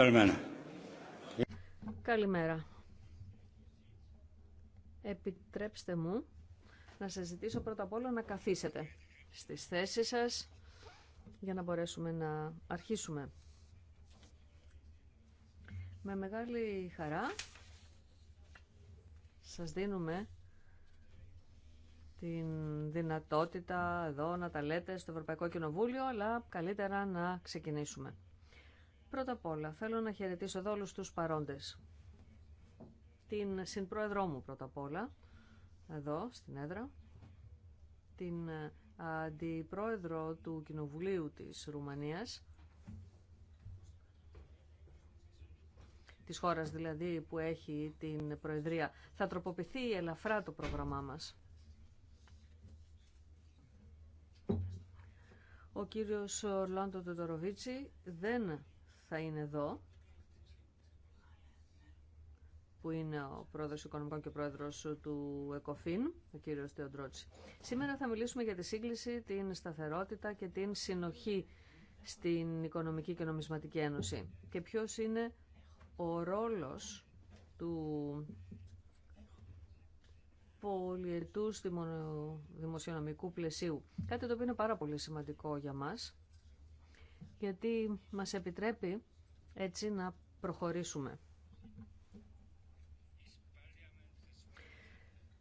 Καλημέρα. Καλημέρα. Επιτρέψτε μου να σας ζητήσω πρώτα απ' όλα να καθίσετε στις θέσεις σας για να μπορέσουμε να αρχίσουμε. Με μεγάλη χαρά σας δίνουμε την δυνατότητα εδώ να τα λέτε στο Ευρωπαϊκό Κοινοβούλιο, αλλά καλύτερα να ξεκινήσουμε. Πρώτα απ' όλα, θέλω να χαιρετήσω εδώ όλους τους παρόντες. Την συμπρόεδρό μου πρώτα απ' όλα, εδώ στην έδρα, την ε, αντιπρόεδρο του Κοινοβουλίου της Ρουμανίας, της χώρας δηλαδή που έχει την Προεδρία. Θα τροποποιηθεί ελαφρά το πρόγραμμά μας. Ο κύριος Ορλάντο Τετοροβίτσι δεν θα είναι εδώ, που είναι ο πρόεδρος οικονομικών και πρόεδρος του ΕΚΟΦΗΝ, ο κύριος Τεοντρότσι. Σήμερα θα μιλήσουμε για τη σύγκληση, την σταθερότητα και την συνοχή στην Οικονομική και Νομισματική Ένωση και ποιος είναι ο ρόλος του πολιετούς δημοσιονομικού πλαισίου. Κάτι το οποίο είναι πάρα πολύ σημαντικό για μας γιατί μας επιτρέπει έτσι να προχωρήσουμε.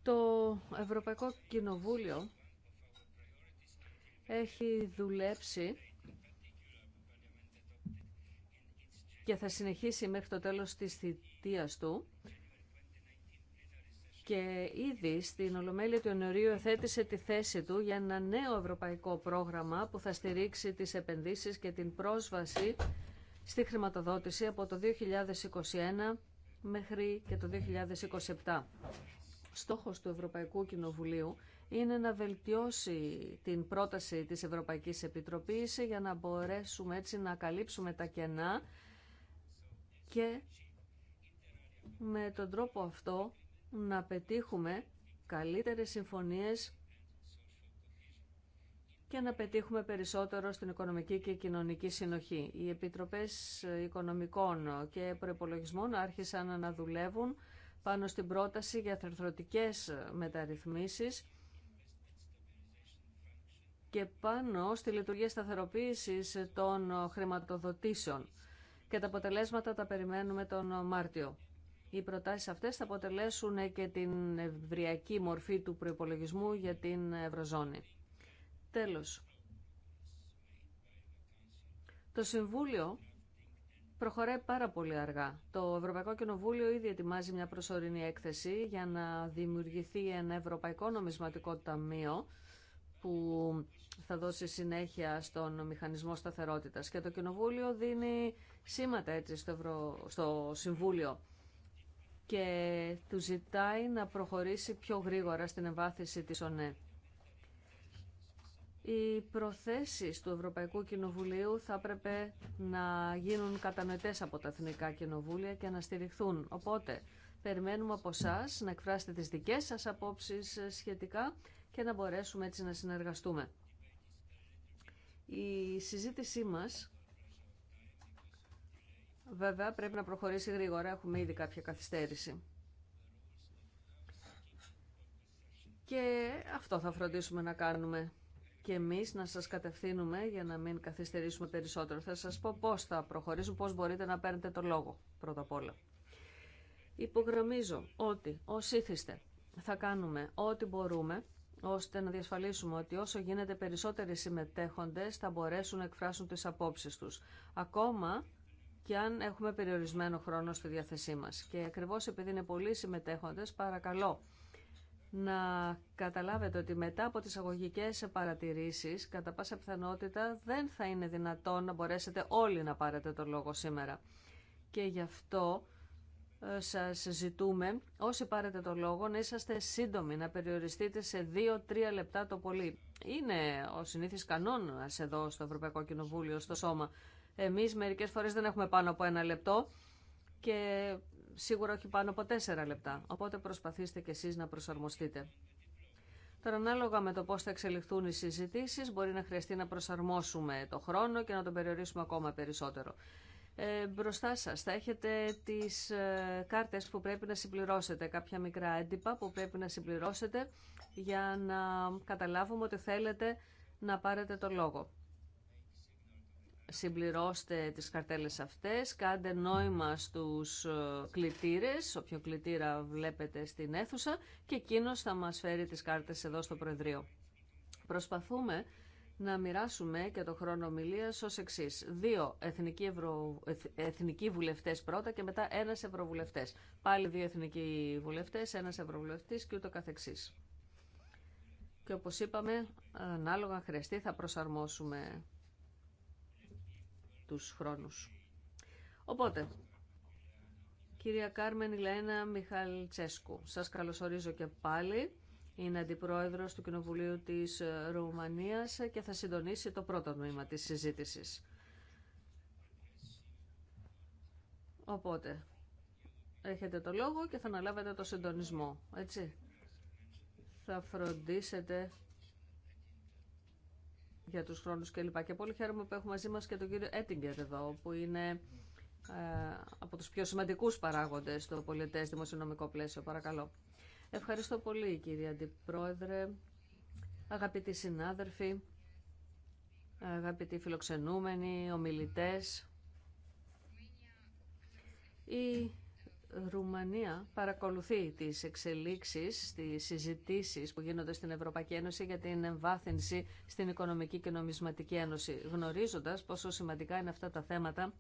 Το Ευρωπαϊκό Κοινοβούλιο έχει δουλέψει και θα συνεχίσει μέχρι το τέλος της θητείας του και ήδη στην Ολομέλεια του Ενωρίου θέτησε τη θέση του για ένα νέο ευρωπαϊκό πρόγραμμα που θα στηρίξει τις επενδύσεις και την πρόσβαση στη χρηματοδότηση από το 2021 μέχρι και το 2027. Στόχος του Ευρωπαϊκού Κοινοβουλίου είναι να βελτιώσει την πρόταση της Ευρωπαϊκής Επιτροπής για να μπορέσουμε έτσι να καλύψουμε τα κενά και με τον τρόπο αυτό να πετύχουμε καλύτερες συμφωνίες και να πετύχουμε περισσότερο στην οικονομική και κοινωνική συνοχή. Οι Επιτροπές Οικονομικών και Προϋπολογισμών άρχισαν να δουλεύουν πάνω στην πρόταση για θερθρωτικές μεταρρυθμίσεις και πάνω στη λειτουργία σταθεροποίησης των χρηματοδοτήσεων. Και τα αποτελέσματα τα περιμένουμε τον Μάρτιο. Οι προτάσει αυτές θα αποτελέσουν και την ευριακή μορφή του προπολογισμού για την Ευρωζώνη. Τέλος, το Συμβούλιο προχωράει πάρα πολύ αργά. Το Ευρωπαϊκό Κοινοβούλιο ήδη ετοιμάζει μια προσωρινή έκθεση για να δημιουργηθεί ένα Ευρωπαϊκό Νομισματικό Ταμείο που θα δώσει συνέχεια στον μηχανισμό σταθερότητας. Και το Κοινοβούλιο δίνει σήματα έτσι στο, στο Συμβούλιο και του ζητάει να προχωρήσει πιο γρήγορα στην εμβάθυνση της ΟΝΕ. Οι προθέσεις του Ευρωπαϊκού Κοινοβουλίου θα έπρεπε να γίνουν κατανοητές από τα Εθνικά Κοινοβούλια και να στηριχθούν. Οπότε, περιμένουμε από εσά να εκφράσετε τις δικές σας απόψεις σχετικά και να μπορέσουμε έτσι να συνεργαστούμε. Η συζήτησή μας Βέβαια πρέπει να προχωρήσει γρήγορα, έχουμε ήδη κάποια καθυστέρηση. Και αυτό θα φροντίσουμε να κάνουμε και εμείς να σας κατευθύνουμε για να μην καθυστερήσουμε περισσότερο. Θα σας πω πώς θα προχωρήσουν, πώς μπορείτε να παίρνετε το λόγο πρώτα απ' όλα. Υπογραμμίζω ότι ως ήθιστε θα κάνουμε ό,τι μπορούμε ώστε να διασφαλίσουμε ότι όσο γίνεται περισσότεροι συμμετέχοντες θα μπορέσουν να εκφράσουν τις απόψεις τους. Ακόμα και αν έχουμε περιορισμένο χρόνο στη διάθεσή μας. Και ακριβώς επειδή είναι πολλοί συμμετέχοντες, παρακαλώ να καταλάβετε ότι μετά από τις αγωγικές παρατηρήσεις, κατά πάσα πιθανότητα δεν θα είναι δυνατόν να μπορέσετε όλοι να πάρετε το λόγο σήμερα. Και γι' αυτό ε, σας ζητούμε, όσοι πάρετε το λόγο, να είσαστε σύντομοι, να περιοριστείτε σε 2-3 λεπτά το πολύ. Είναι ο συνήθις κανόνας εδώ στο Ευρωπαϊκό Κοινοβούλιο, στο Σώμα. Εμείς μερικές φορές δεν έχουμε πάνω από ένα λεπτό και σίγουρα όχι πάνω από τέσσερα λεπτά. Οπότε προσπαθήστε κι εσείς να προσαρμοστείτε. Τώρα, ανάλογα με το πώ θα εξελιχθούν οι συζητήσει, μπορεί να χρειαστεί να προσαρμόσουμε το χρόνο και να τον περιορίσουμε ακόμα περισσότερο. Ε, μπροστά σα θα έχετε τις ε, κάρτε που πρέπει να συμπληρώσετε, κάποια μικρά έντυπα που πρέπει να συμπληρώσετε για να καταλάβουμε ότι θέλετε να πάρετε το λόγο συμπληρώστε τις καρτέλες αυτές, κάντε νόημα στους ε, κλητήρες, όποιο κλητήρα βλέπετε στην αίθουσα και εκείνο θα μας φέρει τις κάρτες εδώ στο Προεδρείο. Προσπαθούμε να μοιράσουμε και το χρόνο ομιλία ω εξή. Δύο εθνικοί, ευρω... εθνικοί βουλευτές πρώτα και μετά ένας ευρωβουλευτές. Πάλι δύο εθνικοί βουλευτές, ένα ευρωβουλευτή και ούτω καθεξής. Και όπω είπαμε, ανάλογα χρειαστεί θα προσαρμόσουμε τους χρόνους. Οπότε, κυρία Κάρμεν Λένα Μιχαλτσέσκου, σας καλωσορίζω και πάλι. Είναι αντιπρόεδρος του Κοινοβουλίου της ε, Ρουμανίας και θα συντονίσει το πρώτο νόημα της συζήτησης. Οπότε, έχετε το λόγο και θα αναλάβετε το συντονισμό, έτσι. Θα φροντίσετε για τους χρόνους κλπ. Και πολύ χαίρομαι που έχουμε μαζί μας και τον κύριο Έτιγκερ εδώ, που είναι ε, από τους πιο σημαντικούς παράγοντες στο πολιτές δημοσιονομικό πλαίσιο. Παρακαλώ. Ευχαριστώ πολύ κύριε Αντιπρόεδρε, αγαπητοί συνάδελφοι, αγαπητοί φιλοξενούμενοι, ομιλητές. Η Ρουμανία παρακολουθεί τις εξελίξεις, τις συζητήσεις που γίνονται στην Ευρωπαϊκή Ένωση για την εμβάθυνση στην Οικονομική και Νομισματική Ένωση, γνωρίζοντας πόσο σημαντικά είναι αυτά τα θέματα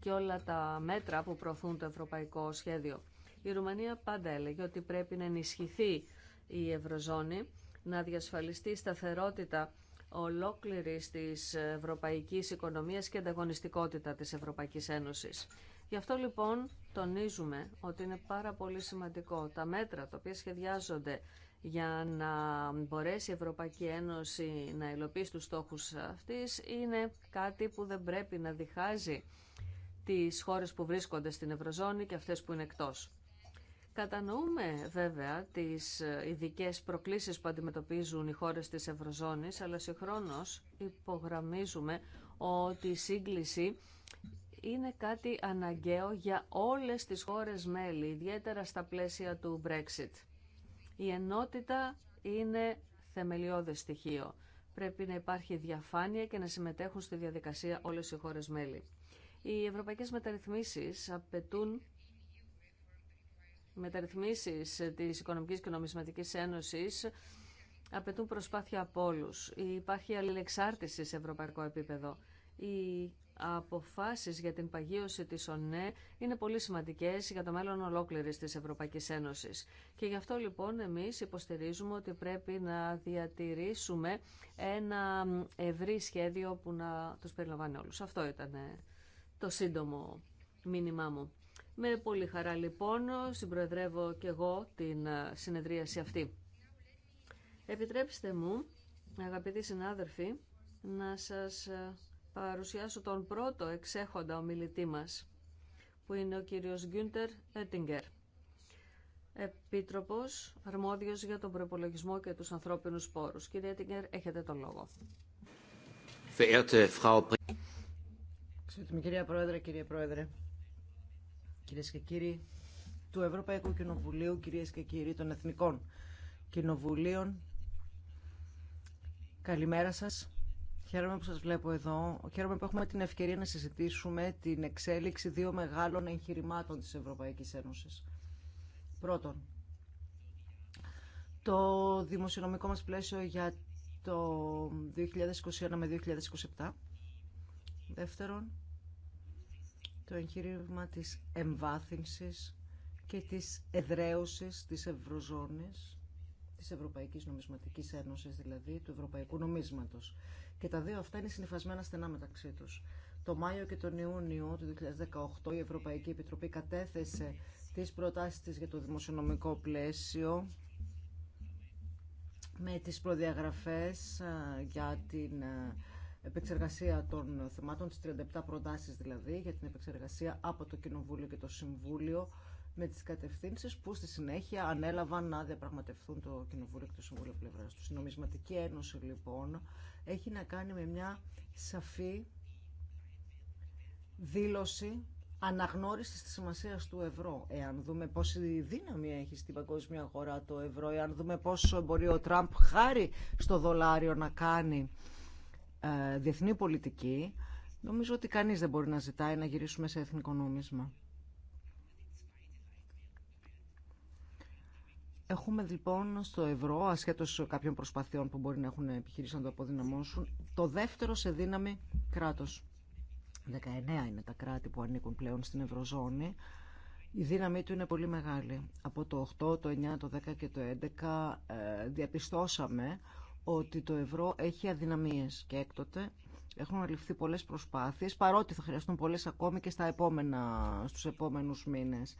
και όλα τα μέτρα που προωθούν το ευρωπαϊκό σχέδιο. Η Ρουμανία πάντα έλεγε ότι πρέπει να ενισχυθεί η Ευρωζώνη, να διασφαλιστεί η σταθερότητα ολόκληρης της ευρωπαϊκής οικονομίας και ανταγωνιστικότητα της Ευρωπαϊκής Ένωσης. Γι' αυτό λοιπόν τονίζουμε ότι είναι πάρα πολύ σημαντικό τα μέτρα τα οποία σχεδιάζονται για να μπορέσει η Ευρωπαϊκή Ένωση να υλοποιήσει τους στόχους αυτής είναι κάτι που δεν πρέπει να διχάζει τις χώρες που βρίσκονται στην Ευρωζώνη και αυτές που είναι εκτός. Κατανοούμε βέβαια τις ειδικέ προκλήσεις που αντιμετωπίζουν οι χώρες της Ευρωζώνης, αλλά συγχρόνως υπογραμμίζουμε ότι η σύγκληση είναι κάτι αναγκαίο για όλες τις χώρες μέλη, ιδιαίτερα στα πλαίσια του Brexit. Η ενότητα είναι θεμελιώδες στοιχείο. Πρέπει να υπάρχει διαφάνεια και να συμμετέχουν στη διαδικασία όλες οι χώρες μέλη. Οι ευρωπαϊκές μεταρρυθμίσεις απαιτούν μεταρρυθμίσεις της Οικονομικής και Νομισματικής Ένωσης απαιτούν προσπάθεια από όλου. Υπάρχει αλληλεξάρτηση σε ευρωπαϊκό επίπεδο. Η αποφάσεις για την παγίωση της ΟΝΕ είναι πολύ σημαντικές για το μέλλον ολόκληρης της Ευρωπαϊκής Ένωσης. Και γι' αυτό λοιπόν εμείς υποστηρίζουμε ότι πρέπει να διατηρήσουμε ένα ευρύ σχέδιο που να τους περιλαμβάνει όλους. Αυτό ήταν ε, το σύντομο μήνυμά μου. Με πολύ χαρά λοιπόν συμπροεδρεύω και εγώ την ε, συνεδρίαση αυτή. Επιτρέψτε μου, αγαπητοί συνάδελφοι, να σας ε, παρουσιάσω τον πρώτο εξέχοντα ομιλητή μας, που είναι ο κύριος Γκούντερ Έτιγκερ, Επίτροπος Αρμόδιος για τον Προπολογισμό και τους Ανθρώπινους Πόρους. Κύριε Έτιγκερ, έχετε τον λόγο. Ξέρετε, κυρία Πρόεδρε, κύριε Πρόεδρε, κυρίε και κύριοι του Ευρωπαϊκού Κοινοβουλίου, κυρίε και κύριοι των Εθνικών Κοινοβουλίων, καλημέρα σας. Χαίρομαι που σας βλέπω εδώ. Χαίρομαι που έχουμε την ευκαιρία να συζητήσουμε την εξέλιξη δύο μεγάλων εγχειρημάτων της Ευρωπαϊκής Ένωσης. Πρώτον, το δημοσιονομικό μας πλαίσιο για το 2021 με 2027. Δεύτερον, το εγχείρημα της εμβάθυνσης και της εδραίωσης της Ευρωζώνης της Ευρωπαϊκής Νομισματικής Ένωσης, δηλαδή του Ευρωπαϊκού Νομίσματος. Και τα δύο αυτά είναι συνειφασμένα στενά μεταξύ τους. Το Μάιο και τον Ιούνιο του 2018 η Ευρωπαϊκή Επιτροπή κατέθεσε τις προτάσεις της για το δημοσιονομικό πλαίσιο με τις προδιαγραφές για την επεξεργασία των θεμάτων, τις 37 προτάσεις δηλαδή, για την επεξεργασία από το Κοινοβούλιο και το Συμβούλιο με τις κατευθύνσεις που στη συνέχεια ανέλαβαν να διαπραγματευτούν το Κοινοβούλιο και το Συμβούλιο Πλευράς του. Η Νομισματική Ένωση λοιπόν έχει να κάνει με μια σαφή δήλωση αναγνώριση τη σημασία του ευρώ. Εάν δούμε πόση δύναμη έχει στην παγκόσμια αγορά το ευρώ, εάν δούμε πόσο μπορεί ο Τραμπ χάρη στο δολάριο να κάνει ε, διεθνή πολιτική, νομίζω ότι κανείς δεν μπορεί να ζητάει να γυρίσουμε σε εθνικό νόμισμα. Έχουμε λοιπόν στο ευρώ, ασχέτως κάποιων προσπαθειών που μπορεί να έχουν επιχειρήσει να το αποδυναμώσουν, το δεύτερο σε δύναμη κράτος. 19 είναι τα κράτη που ανήκουν πλέον στην Ευρωζώνη. Η δύναμή του είναι πολύ μεγάλη. Από το 8, το 9, το 10 και το 11 ε, διαπιστώσαμε ότι το ευρώ έχει αδυναμίες και έκτοτε έχουν αληφθεί πολλές προσπάθειες, παρότι θα χρειαστούν πολλές ακόμη και στα επόμενα, στους επόμενους μήνες.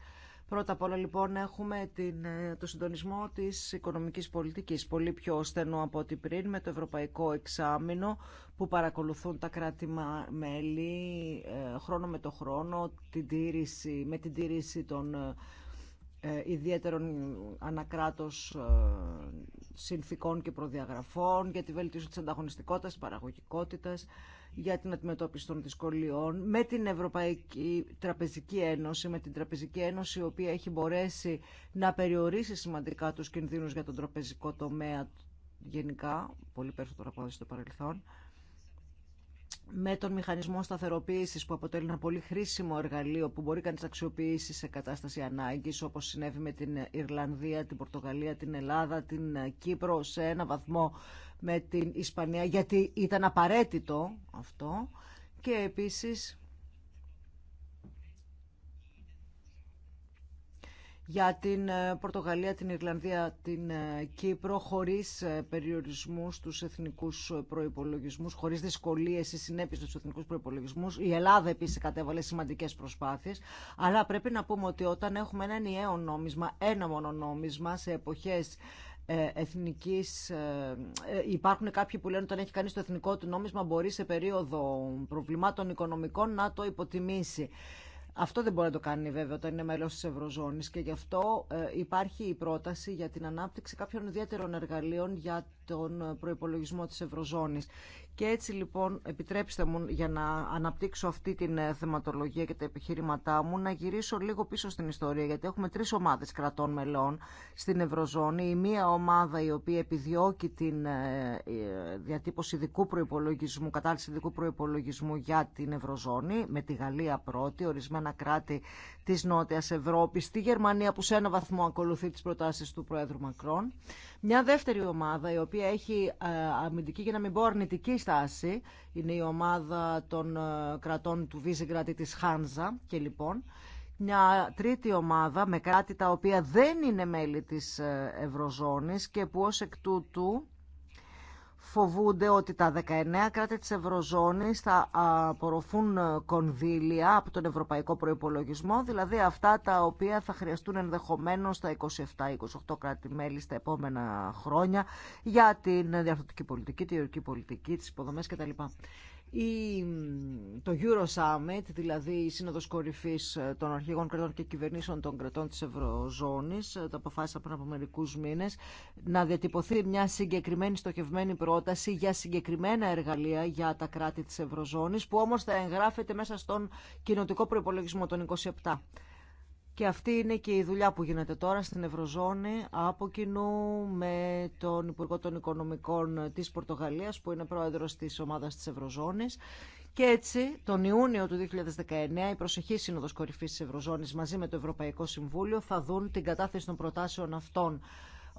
Πρώτα απ' όλα λοιπόν έχουμε την, ε, το συντονισμό της οικονομικής πολιτικής πολύ πιο στενό από ό,τι πριν με το Ευρωπαϊκό Εξάμεινο που παρακολουθούν τα κράτη-μέλη ε, χρόνο με το χρόνο την με την τήρηση των ε, ιδιαίτερων ανακράτως συνθήκων και προδιαγραφών για τη βελτίωση της ανταγωνιστικότητας, παραγωγικότητας για την αντιμετώπιση των δυσκολιών με την Ευρωπαϊκή Τραπεζική Ένωση, με την Τραπεζική Ένωση η οποία έχει μπορέσει να περιορίσει σημαντικά τους κινδύνους για τον τραπεζικό τομέα γενικά, πολύ περισσότερο από στο παρελθόν, με τον μηχανισμό σταθεροποίησης που αποτελεί ένα πολύ χρήσιμο εργαλείο που μπορεί κανείς να αξιοποιήσει σε κατάσταση ανάγκης όπως συνέβη με την Ιρλανδία, την Πορτογαλία, την Ελλάδα, την Κύπρο σε ένα βαθμό με την Ισπανία γιατί ήταν απαραίτητο αυτό και επίσης για την ε, Πορτογαλία, την Ιρλανδία, την ε, Κύπρο χωρίς ε, περιορισμούς στους εθνικούς προϋπολογισμούς, χωρίς δυσκολίες ή συνέπειες στους εθνικούς προϋπολογισμούς. Η Ελλάδα επίσης κατέβαλε σημαντικές προσπάθειες, αλλά πρέπει να πούμε ότι όταν έχουμε ένα ενιαίο νόμισμα, ένα μόνο νόμισμα σε εποχές ε, εθνικής... Ε, ε, υπάρχουν κάποιοι που λένε ότι αν έχει κανείς το εθνικό του νόμισμα μπορεί σε περίοδο προβλημάτων οικονομικών να το υποτιμήσει. Αυτό δεν μπορεί να το κάνει βέβαια όταν είναι μέλος της Ευρωζώνης και γι' αυτό υπάρχει η πρόταση για την ανάπτυξη κάποιων ιδιαίτερων εργαλείων για τον προϋπολογισμό της Ευρωζώνης. Και έτσι λοιπόν επιτρέψτε μου για να αναπτύξω αυτή την ε, θεματολογία και τα επιχειρήματά μου να γυρίσω λίγο πίσω στην ιστορία γιατί έχουμε τρεις ομάδες κρατών μελών στην Ευρωζώνη. Η μία ομάδα η οποία επιδιώκει την ε, ε, διατύπωση ειδικού προϋπολογισμού, κατάρτιση ειδικού προπολογισμού για την Ευρωζώνη με τη Γαλλία πρώτη, ορισμένα κράτη της Νότιας Ευρώπης, τη Γερμανία που σε ένα βαθμό ακολουθεί τις προτάσεις του Πρόεδρου Μακρόν. Μια δεύτερη ομάδα η οποία έχει ε, αμυντική και να μην πω αρνητική στάση είναι η ομάδα των ε, κρατών του Βίζιγκρατη της Χάνζα και λοιπόν μια τρίτη ομάδα με κράτη τα οποία δεν είναι μέλη της ε, Ευρωζώνης και που ως εκ τούτου φοβούνται ότι τα 19 κράτη της Ευρωζώνης θα απορροφούν κονδύλια από τον Ευρωπαϊκό Προϋπολογισμό, δηλαδή αυτά τα οποία θα χρειαστούν ενδεχομένως τα 27-28 κράτη-μέλη στα επόμενα χρόνια για την διαρθρωτική πολιτική, τη ιωρική πολιτική, τις υποδομές κτλ η, το Euro Summit, δηλαδή η Σύνοδος Κορυφής ε, των Αρχηγών Κρατών και Κυβερνήσεων των Κρατών της Ευρωζώνης, ε, το αποφάσισα πριν από μερικού μήνες, να διατυπωθεί μια συγκεκριμένη στοχευμένη πρόταση για συγκεκριμένα εργαλεία για τα κράτη της Ευρωζώνης, που όμως θα εγγράφεται μέσα στον κοινοτικό προϋπολογισμό των 27. Και αυτή είναι και η δουλειά που γίνεται τώρα στην Ευρωζώνη από κοινού με τον Υπουργό των Οικονομικών της Πορτογαλίας που είναι πρόεδρος της ομάδας της Ευρωζώνης. Και έτσι, τον Ιούνιο του 2019, η προσεχή Σύνοδος Κορυφή τη Ευρωζώνης μαζί με το Ευρωπαϊκό Συμβούλιο θα δουν την κατάθεση των προτάσεων αυτών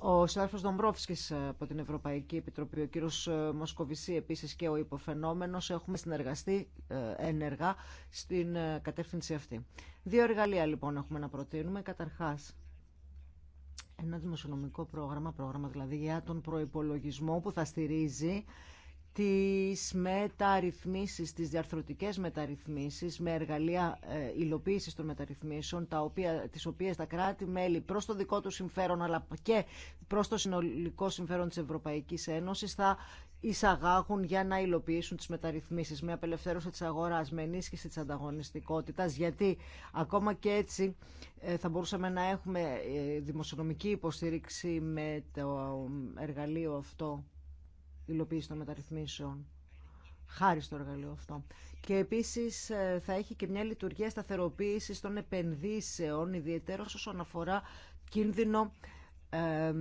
ο συνάδελφο Δομπρόφσκη ε, από την Ευρωπαϊκή Επιτροπή, ο κύριο ε, Μοσκοβισή επίσης και ο υποφαινόμενο, έχουμε συνεργαστεί ενεργά στην ε, κατεύθυνση αυτή. Δύο εργαλεία λοιπόν έχουμε να προτείνουμε. Καταρχάς, ένα δημοσιονομικό πρόγραμμα, πρόγραμμα δηλαδή για τον προπολογισμό που θα στηρίζει τις μεταρρυθμίσεις, τις διαρθρωτικές μεταρρυθμίσεις με εργαλεία ε, υλοποίησης των μεταρρυθμίσεων τα οποία, τις οποίες τα κράτη-μέλη προς το δικό του συμφέρον αλλά και προς το συνολικό συμφέρον της Ευρωπαϊκής Ένωσης θα εισαγάγουν για να υλοποιήσουν τις μεταρρυθμίσεις με απελευθέρωση της αγοράς, με ενίσχυση της ανταγωνιστικότητας γιατί ακόμα και έτσι ε, θα μπορούσαμε να έχουμε ε, δημοσιονομική υποστήριξη με το εργαλείο αυτό υλοποίηση των μεταρρυθμίσεων. Χάρη στο εργαλείο αυτό. Και επίσης ε, θα έχει και μια λειτουργία σταθεροποίηση των επενδύσεων, ιδιαίτερα όσον αφορά κίνδυνο ε,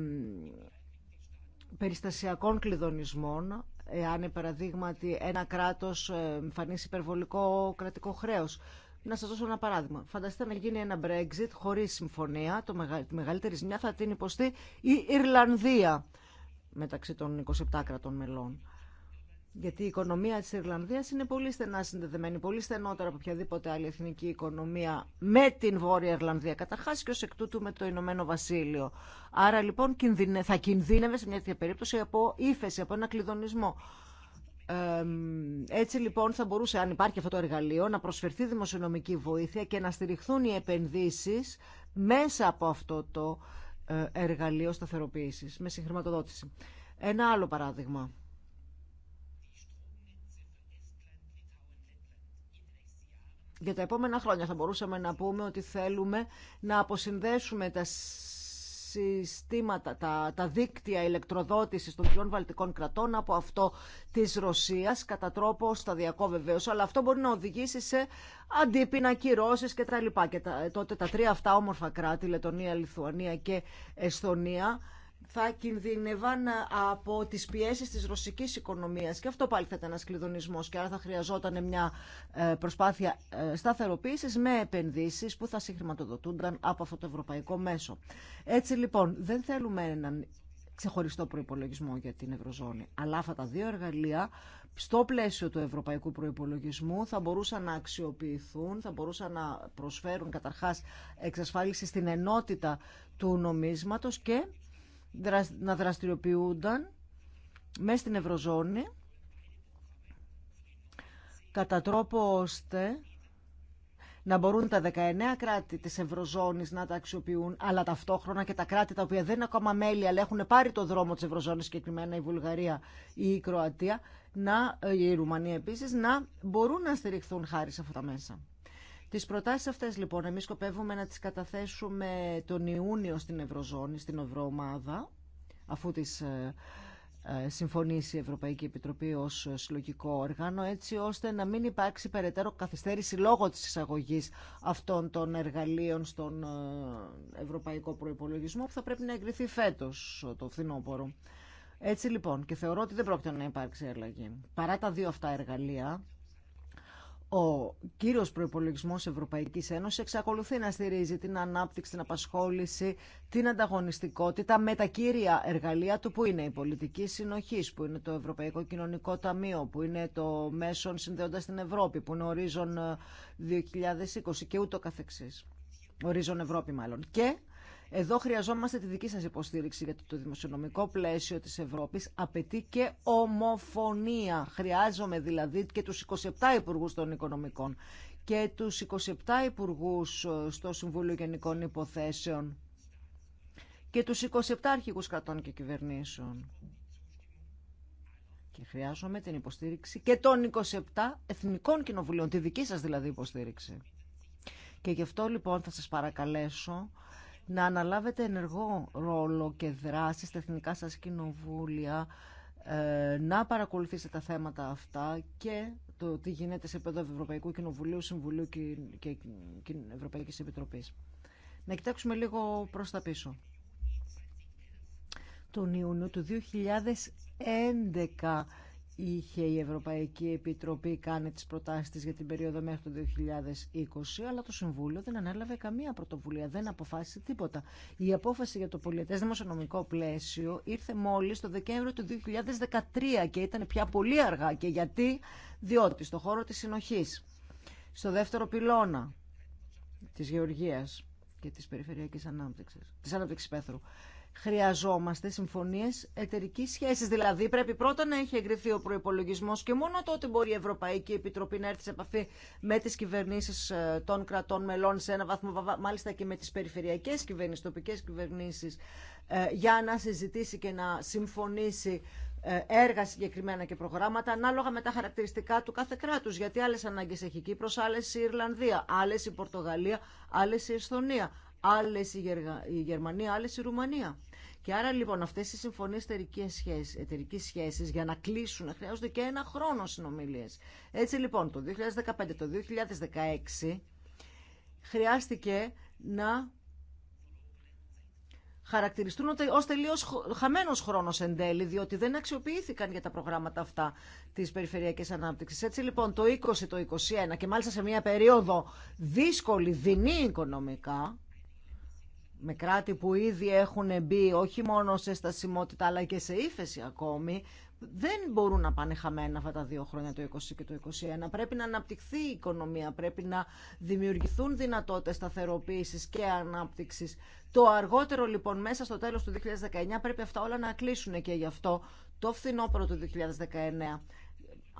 περιστασιακών κλειδονισμών, εάν ε, παραδείγματι ένα κράτος ε, εμφανίσει υπερβολικό κρατικό χρέος. Να σα δώσω ένα παράδειγμα. Φανταστείτε να γίνει ένα Brexit χωρί συμφωνία, το τη μεγαλύτερη ζημιά θα την υποστεί η Ιρλανδία μεταξύ των 27 κρατών μελών. Γιατί η οικονομία της Ιρλανδίας είναι πολύ στενά συνδεδεμένη, πολύ στενότερα από οποιαδήποτε άλλη εθνική οικονομία με την Βόρεια Ιρλανδία, καταρχάς και ως εκ τούτου με το Ηνωμένο Βασίλειο. Άρα λοιπόν θα κινδύνευε σε μια τέτοια περίπτωση από ύφεση, από ένα κλειδονισμό. Έτσι λοιπόν θα μπορούσε, αν υπάρχει αυτό το εργαλείο, να προσφερθεί δημοσιονομική βοήθεια και να στηριχθούν οι επενδύσεις μέσα από αυτό το ε, εργαλείο σταθεροποίησης με συγχρηματοδότηση. Ένα άλλο παράδειγμα. Για τα επόμενα χρόνια θα μπορούσαμε να πούμε ότι θέλουμε να αποσυνδέσουμε τα συστήματα, τα, τα δίκτυα ηλεκτροδότησης των πιο βαλτικών κρατών από αυτό της Ρωσίας, κατά τρόπο σταδιακό βεβαίως, αλλά αυτό μπορεί να οδηγήσει σε αντίπεινα κυρώσεις Και, τα λοιπά. και τότε τα τρία αυτά όμορφα κράτη, Λετωνία, Λιθουανία και Εσθονία, θα κινδυνεύαν από τι πιέσει τη ρωσική οικονομία. Και αυτό πάλι θα ήταν ένα κλειδονισμό. και άρα θα χρειαζόταν μια ε, προσπάθεια ε, σταθεροποίηση με επενδύσει που θα συγχρηματοδοτούνταν από αυτό το ευρωπαϊκό μέσο. Έτσι λοιπόν δεν θέλουμε έναν ξεχωριστό προπολογισμό για την Ευρωζώνη. Αλλά αυτά τα δύο εργαλεία στο πλαίσιο του ευρωπαϊκού προϋπολογισμού θα μπορούσαν να αξιοποιηθούν, θα μπορούσαν να προσφέρουν καταρχάς εξασφάλιση στην ενότητα του νομίσματος και να δραστηριοποιούνταν μέσα στην Ευρωζώνη κατά τρόπο ώστε να μπορούν τα 19 κράτη της Ευρωζώνης να τα αξιοποιούν, αλλά ταυτόχρονα και τα κράτη τα οποία δεν είναι ακόμα μέλη, αλλά έχουν πάρει το δρόμο της Ευρωζώνης, συγκεκριμένα η Βουλγαρία ή η Κροατία, να, ε, η Ρουμανία επίσης, να μπορούν να στηριχθούν χάρη σε αυτά τα μέσα. Τις προτάσεις αυτές λοιπόν εμείς σκοπεύουμε να τις καταθέσουμε τον Ιούνιο στην Ευρωζώνη, στην Ευρωομάδα, αφού τις ε, ε, συμφωνήσει η Ευρωπαϊκή Επιτροπή ως συλλογικό όργανο έτσι ώστε να μην υπάρξει περαιτέρω καθυστέρηση λόγω της εισαγωγής αυτών των εργαλείων στον ε, ευρωπαϊκό προϋπολογισμό που θα πρέπει να εγκριθεί φέτος το φθινόπωρο. Έτσι λοιπόν και θεωρώ ότι δεν πρόκειται να υπάρξει αλλαγή. Παρά τα δύο αυτά εργαλεία ο κύριο προπολογισμό Ευρωπαϊκή Ένωση εξακολουθεί να στηρίζει την ανάπτυξη, την απασχόληση, την ανταγωνιστικότητα με τα κύρια εργαλεία του που είναι η πολιτική συνοχή, που είναι το Ευρωπαϊκό Κοινωνικό Ταμείο, που είναι το Μέσον Συνδέοντα την Ευρώπη, που είναι ε, ορίζον 2020 και ούτω καθεξής. Ορίζον Ευρώπη μάλλον. Και εδώ χρειαζόμαστε τη δική σας υποστήριξη γιατί το δημοσιονομικό πλαίσιο της Ευρώπης απαιτεί και ομοφωνία. Χρειάζομαι δηλαδή και τους 27 υπουργούς των οικονομικών και τους 27 υπουργούς ε, στο Συμβούλιο Γενικών Υποθέσεων και τους 27 αρχηγούς κρατών και κυβερνήσεων. Και χρειάζομαι την υποστήριξη και των 27 εθνικών κοινοβουλίων, τη δική σας δηλαδή υποστήριξη. Και γι' αυτό λοιπόν θα σας παρακαλέσω να αναλάβετε ενεργό ρόλο και δράση στα εθνικά σας κοινοβούλια, ε, να παρακολουθήσετε τα θέματα αυτά και το τι γίνεται σε επίπεδο Ευρωπαϊκού Κοινοβουλίου, Συμβουλίου και Ευρωπαϊκής Επιτροπής. Να κοιτάξουμε λίγο προς τα πίσω. Τον Ιούνιο του 2011 είχε η Ευρωπαϊκή Επιτροπή κάνει τις προτάσεις της για την περίοδο μέχρι το 2020, αλλά το Συμβούλιο δεν ανέλαβε καμία πρωτοβουλία, δεν αποφάσισε τίποτα. Η απόφαση για το πολιετές δημοσιονομικό πλαίσιο ήρθε μόλις το Δεκέμβριο του 2013 και ήταν πια πολύ αργά. Και γιατί, διότι στο χώρο της συνοχής, στο δεύτερο πυλώνα της γεωργίας και της περιφερειακής ανάπτυξης, της ανάπτυξης πέθρου, χρειαζόμαστε συμφωνίε εταιρική σχέση. Δηλαδή πρέπει πρώτα να έχει εγκριθεί ο προπολογισμό και μόνο τότε μπορεί η Ευρωπαϊκή Επιτροπή να έρθει σε επαφή με τι κυβερνήσει ε, των κρατών μελών σε ένα βαθμό, μάλιστα και με τι περιφερειακέ κυβερνήσει, τοπικέ κυβερνήσει, ε, για να συζητήσει και να συμφωνήσει ε, έργα συγκεκριμένα και προγράμματα ανάλογα με τα χαρακτηριστικά του κάθε κράτους γιατί άλλες ανάγκες έχει η Κύπρος, άλλες η Ιρλανδία, άλλες η Πορτογαλία, άλλες η Εσθονία, άλλες η, η Γερμανία, άλλες η Ρουμανία. Και άρα λοιπόν αυτές οι συμφωνίες εταιρική σχέση για να κλείσουν χρειάζονται και ένα χρόνο συνομιλίε. Έτσι λοιπόν το 2015, το 2016 χρειάστηκε να χαρακτηριστούν ω τελείω χαμένο χρόνο εν τέλει, διότι δεν αξιοποιήθηκαν για τα προγράμματα αυτά τη περιφερειακή ανάπτυξη. Έτσι λοιπόν το 20, το 21 και μάλιστα σε μια περίοδο δύσκολη, δεινή οικονομικά, με κράτη που ήδη έχουν μπει όχι μόνο σε στασιμότητα αλλά και σε ύφεση ακόμη, δεν μπορούν να πάνε χαμένα αυτά τα δύο χρόνια, το 20 και το 21. Πρέπει να αναπτυχθεί η οικονομία, πρέπει να δημιουργηθούν δυνατότητες σταθεροποίησης και ανάπτυξης. Το αργότερο λοιπόν μέσα στο τέλος του 2019 πρέπει αυτά όλα να κλείσουν και γι' αυτό το φθινόπωρο του 2019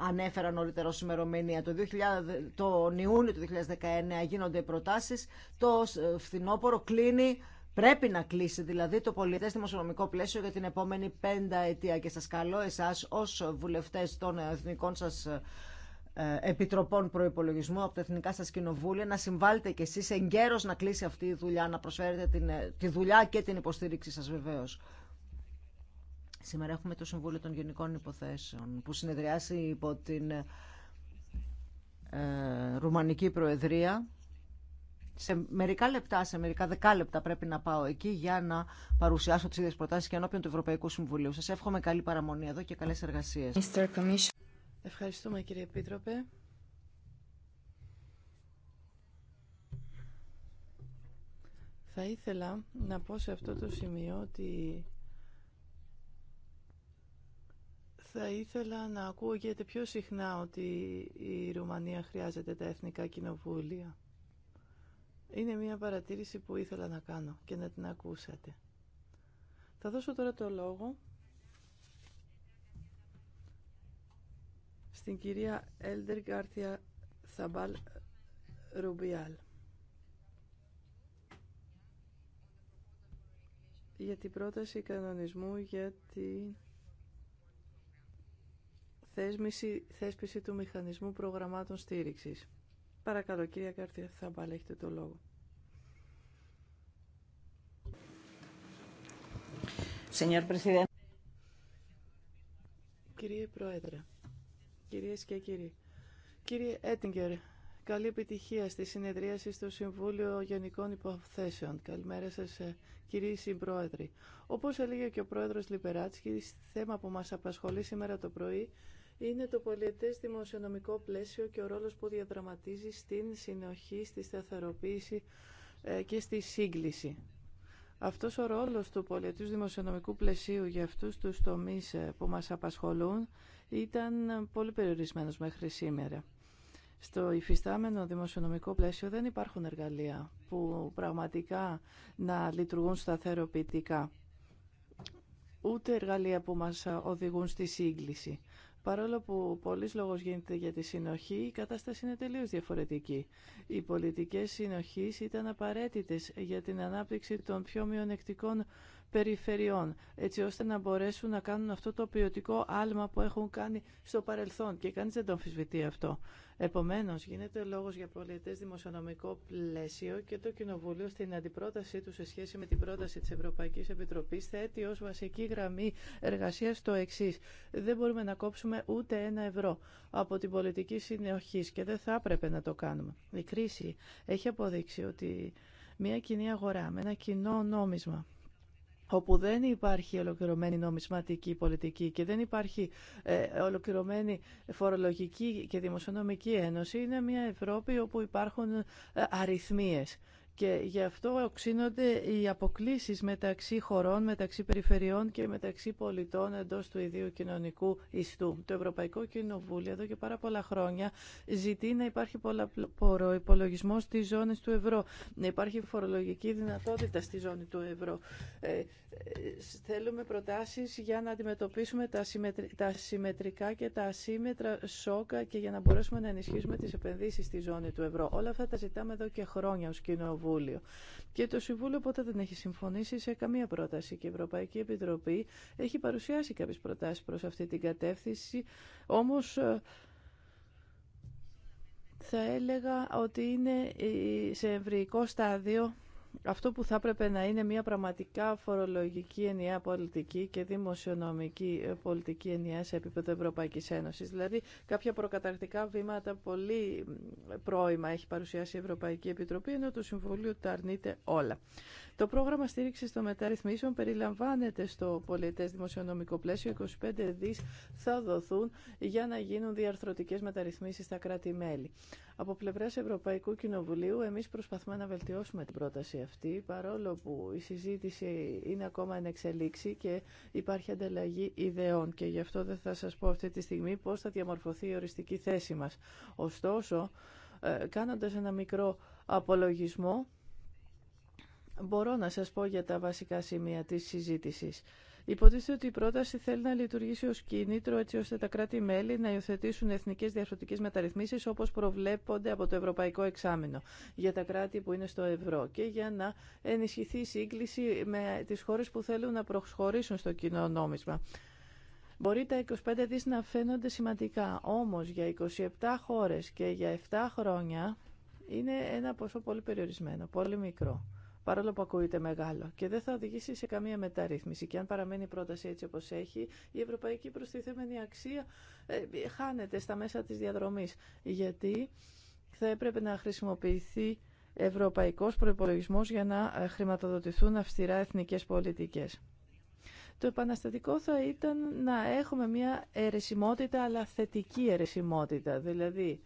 ανέφερα νωρίτερα ως ημερομηνία. Το 2000, Ιούνιο του 2019 γίνονται οι προτάσεις, το ε, φθινόπωρο κλείνει Πρέπει να κλείσει δηλαδή το πολιτές δημοσιονομικό πλαίσιο για την επόμενη πέντα αιτία. και σας καλώ εσάς ως βουλευτές των εθνικών σας ε, επιτροπών προϋπολογισμού από τα εθνικά σας κοινοβούλια να συμβάλλετε κι εσείς εγκαίρως να κλείσει αυτή η δουλειά, να προσφέρετε την, ε, τη δουλειά και την υποστήριξη σας βεβαίως. Σήμερα έχουμε το Συμβούλιο των Γενικών Υποθέσεων που συνεδριάσει υπό την ε, Ρουμανική Προεδρία. Σε μερικά λεπτά, σε μερικά δεκάλεπτα πρέπει να πάω εκεί για να παρουσιάσω τις ίδιες προτάσεις και ενώπιον του Ευρωπαϊκού Συμβουλίου. Σας εύχομαι καλή παραμονή εδώ και καλές εργασίες. Ευχαριστούμε κύριε Επίτροπε. Θα ήθελα να πω σε αυτό το σημείο ότι Θα ήθελα να ακούγεται πιο συχνά ότι η Ρουμανία χρειάζεται τα εθνικά κοινοβούλια. Είναι μια παρατήρηση που ήθελα να κάνω και να την ακούσατε. Θα δώσω τώρα το λόγο στην κυρία Έλντερ Γκάρθια Θαμπάλ Ρουμπιάλ για την πρόταση κανονισμού για την θέσπιση του μηχανισμού προγραμμάτων στήριξης. Παρακαλώ, κυρία Κάρτια, θα μπαλέχετε το λόγο. Κύριε Πρόεδρε, κύριε και κύριοι, κύριε Έτιγκερ, καλή επιτυχία στη συνεδρίαση στο Συμβούλιο Γενικών Υποθέσεων. Καλημέρα σας, ε, κύριοι συμπρόεδροι. Όπως έλεγε και ο πρόεδρος Λιπεράτσκι, θέμα που μα απασχολεί σήμερα το πρωί είναι το πολιετές δημοσιονομικό πλαίσιο και ο ρόλος που διαδραματίζει στην συνοχή, στη σταθεροποίηση ε, και στη σύγκληση. Αυτός ο ρόλος του πολιετούς δημοσιονομικού πλαισίου για αυτούς τους τομείς ε, που μας απασχολούν ήταν πολύ περιορισμένος μέχρι σήμερα. Στο υφιστάμενο δημοσιονομικό πλαίσιο δεν υπάρχουν εργαλεία που πραγματικά να λειτουργούν σταθεροποιητικά. Ούτε εργαλεία που μας ε, οδηγούν στη σύγκληση. Παρόλο που πολλής λόγος γίνεται για τη συνοχή, η κατάσταση είναι τελείως διαφορετική. Οι πολιτικές συνοχή ήταν απαραίτητες για την ανάπτυξη των πιο μειονεκτικών περιφερειών, έτσι ώστε να μπορέσουν να κάνουν αυτό το ποιοτικό άλμα που έχουν κάνει στο παρελθόν και κανείς δεν το αμφισβητεί αυτό. Επομένως, γίνεται λόγος για πολιετές δημοσιονομικό πλαίσιο και το Κοινοβούλιο στην αντιπρότασή του σε σχέση με την πρόταση της Ευρωπαϊκής Επιτροπής θέτει ως βασική γραμμή εργασίας το εξή. Δεν μπορούμε να κόψουμε ούτε ένα ευρώ από την πολιτική συνεχή και δεν θα έπρεπε να το κάνουμε. Η κρίση έχει αποδείξει ότι μια κοινή αγορά με ένα κοινό νόμισμα όπου δεν υπάρχει ολοκληρωμένη νομισματική πολιτική και δεν υπάρχει ε, ολοκληρωμένη φορολογική και δημοσιονομική ένωση, είναι μια Ευρώπη όπου υπάρχουν ε, αριθμίες. Και γι' αυτό οξύνονται οι αποκλήσει μεταξύ χωρών, μεταξύ περιφερειών και μεταξύ πολιτών εντός του ιδίου κοινωνικού ιστού. Το Ευρωπαϊκό Κοινοβούλιο εδώ και πάρα πολλά χρόνια ζητεί να υπάρχει υπολογισμό στις ζώνες του ευρώ, να υπάρχει φορολογική δυνατότητα στη ζώνη του ευρώ. Ε, ε θέλουμε προτάσεις για να αντιμετωπίσουμε τα, τα συμμετρικά και τα ασύμετρα σόκα και για να μπορέσουμε να ενισχύσουμε τις επενδύσεις στη ζώνη του ευρώ. Όλα αυτά τα ζητάμε εδώ και χρόνια ως Κοινοβούλιο. Και το Συμβούλιο ποτέ δεν έχει συμφωνήσει σε καμία πρόταση και η Ευρωπαϊκή Επιτροπή έχει παρουσιάσει κάποιες προτάσεις προς αυτή την κατεύθυνση, όμως ε, θα έλεγα ότι είναι ε, σε ευρυϊκό στάδιο αυτό που θα έπρεπε να είναι μια πραγματικά φορολογική ενιαία πολιτική και δημοσιονομική ε, πολιτική ενιαία σε επίπεδο Ευρωπαϊκής Ένωσης. Δηλαδή κάποια προκαταρκτικά βήματα πολύ πρόημα έχει παρουσιάσει η Ευρωπαϊκή Επιτροπή ενώ το Συμβουλίο τα αρνείται όλα. Το πρόγραμμα στήριξη των μεταρρυθμίσεων περιλαμβάνεται στο πολιτέ δημοσιονομικό πλαίσιο. 25 δι θα δοθούν για να γίνουν διαρθρωτικέ μεταρρυθμίσει στα κράτη-μέλη. Από πλευρά Ευρωπαϊκού Κοινοβουλίου εμείς προσπαθούμε να βελτιώσουμε την πρόταση αυτή παρόλο που η συζήτηση είναι ακόμα εν εξελίξη και υπάρχει ανταλλαγή ιδεών και γι' αυτό δεν θα σας πω αυτή τη στιγμή πώς θα διαμορφωθεί η οριστική θέση μας. Ωστόσο, ε, κάνοντας ένα μικρό απολογισμό, μπορώ να σας πω για τα βασικά σημεία τη συζήτηση. Υποτίθεται ότι η πρόταση θέλει να λειτουργήσει ω κίνητρο έτσι ώστε τα κράτη-μέλη να υιοθετήσουν εθνικέ διαρθρωτικέ μεταρρυθμίσει όπω προβλέπονται από το Ευρωπαϊκό Εξάμεινο για τα κράτη που είναι στο ευρώ και για να ενισχυθεί η σύγκληση με τι χώρε που θέλουν να προσχωρήσουν στο κοινό νόμισμα. Μπορεί τα 25 δις να φαίνονται σημαντικά, όμως για 27 χώρες και για 7 χρόνια είναι ένα ποσό πολύ περιορισμένο, πολύ μικρό παρόλο που ακούγεται μεγάλο και δεν θα οδηγήσει σε καμία μεταρρύθμιση. Και αν παραμένει η πρόταση έτσι όπως έχει, η ευρωπαϊκή προστιθέμενη αξία ε, χάνεται στα μέσα της διαδρομής, γιατί θα έπρεπε να χρησιμοποιηθεί ευρωπαϊκός προϋπολογισμός για να ε, χρηματοδοτηθούν αυστηρά εθνικές πολιτικές. Το επαναστατικό θα ήταν να έχουμε μια αιρεσιμότητα, αλλά θετική αιρεσιμότητα. Δηλαδή,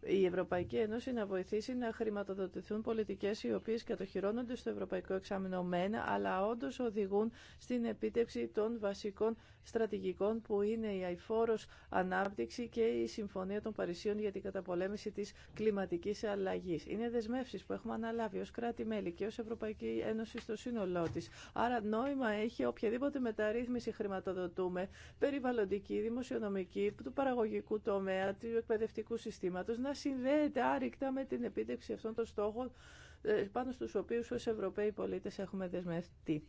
η Ευρωπαϊκή Ένωση να βοηθήσει να χρηματοδοτηθούν πολιτικέ οι οποίε κατοχυρώνονται στο Ευρωπαϊκό Εξάμεινο αλλά όντω οδηγούν στην επίτευξη των βασικών στρατηγικών που είναι η αηφόρος ανάπτυξη και η Συμφωνία των Παρισίων για την καταπολέμηση της κλιματικής αλλαγής. Είναι δεσμεύσεις που έχουμε αναλάβει ως κράτη-μέλη και ως Ευρωπαϊκή Ένωση στο σύνολό της. Άρα νόημα έχει οποιαδήποτε μεταρρύθμιση χρηματοδοτούμε, περιβαλλοντική, δημοσιονομική, του παραγωγικού τομέα, του εκπαιδευτικού συστήματος, να συνδέεται άρρηκτα με την επίτευξη αυτών των στόχων ε, πάνω στους οποίους ως Ευρωπαίοι πολίτες έχουμε δεσμευτεί.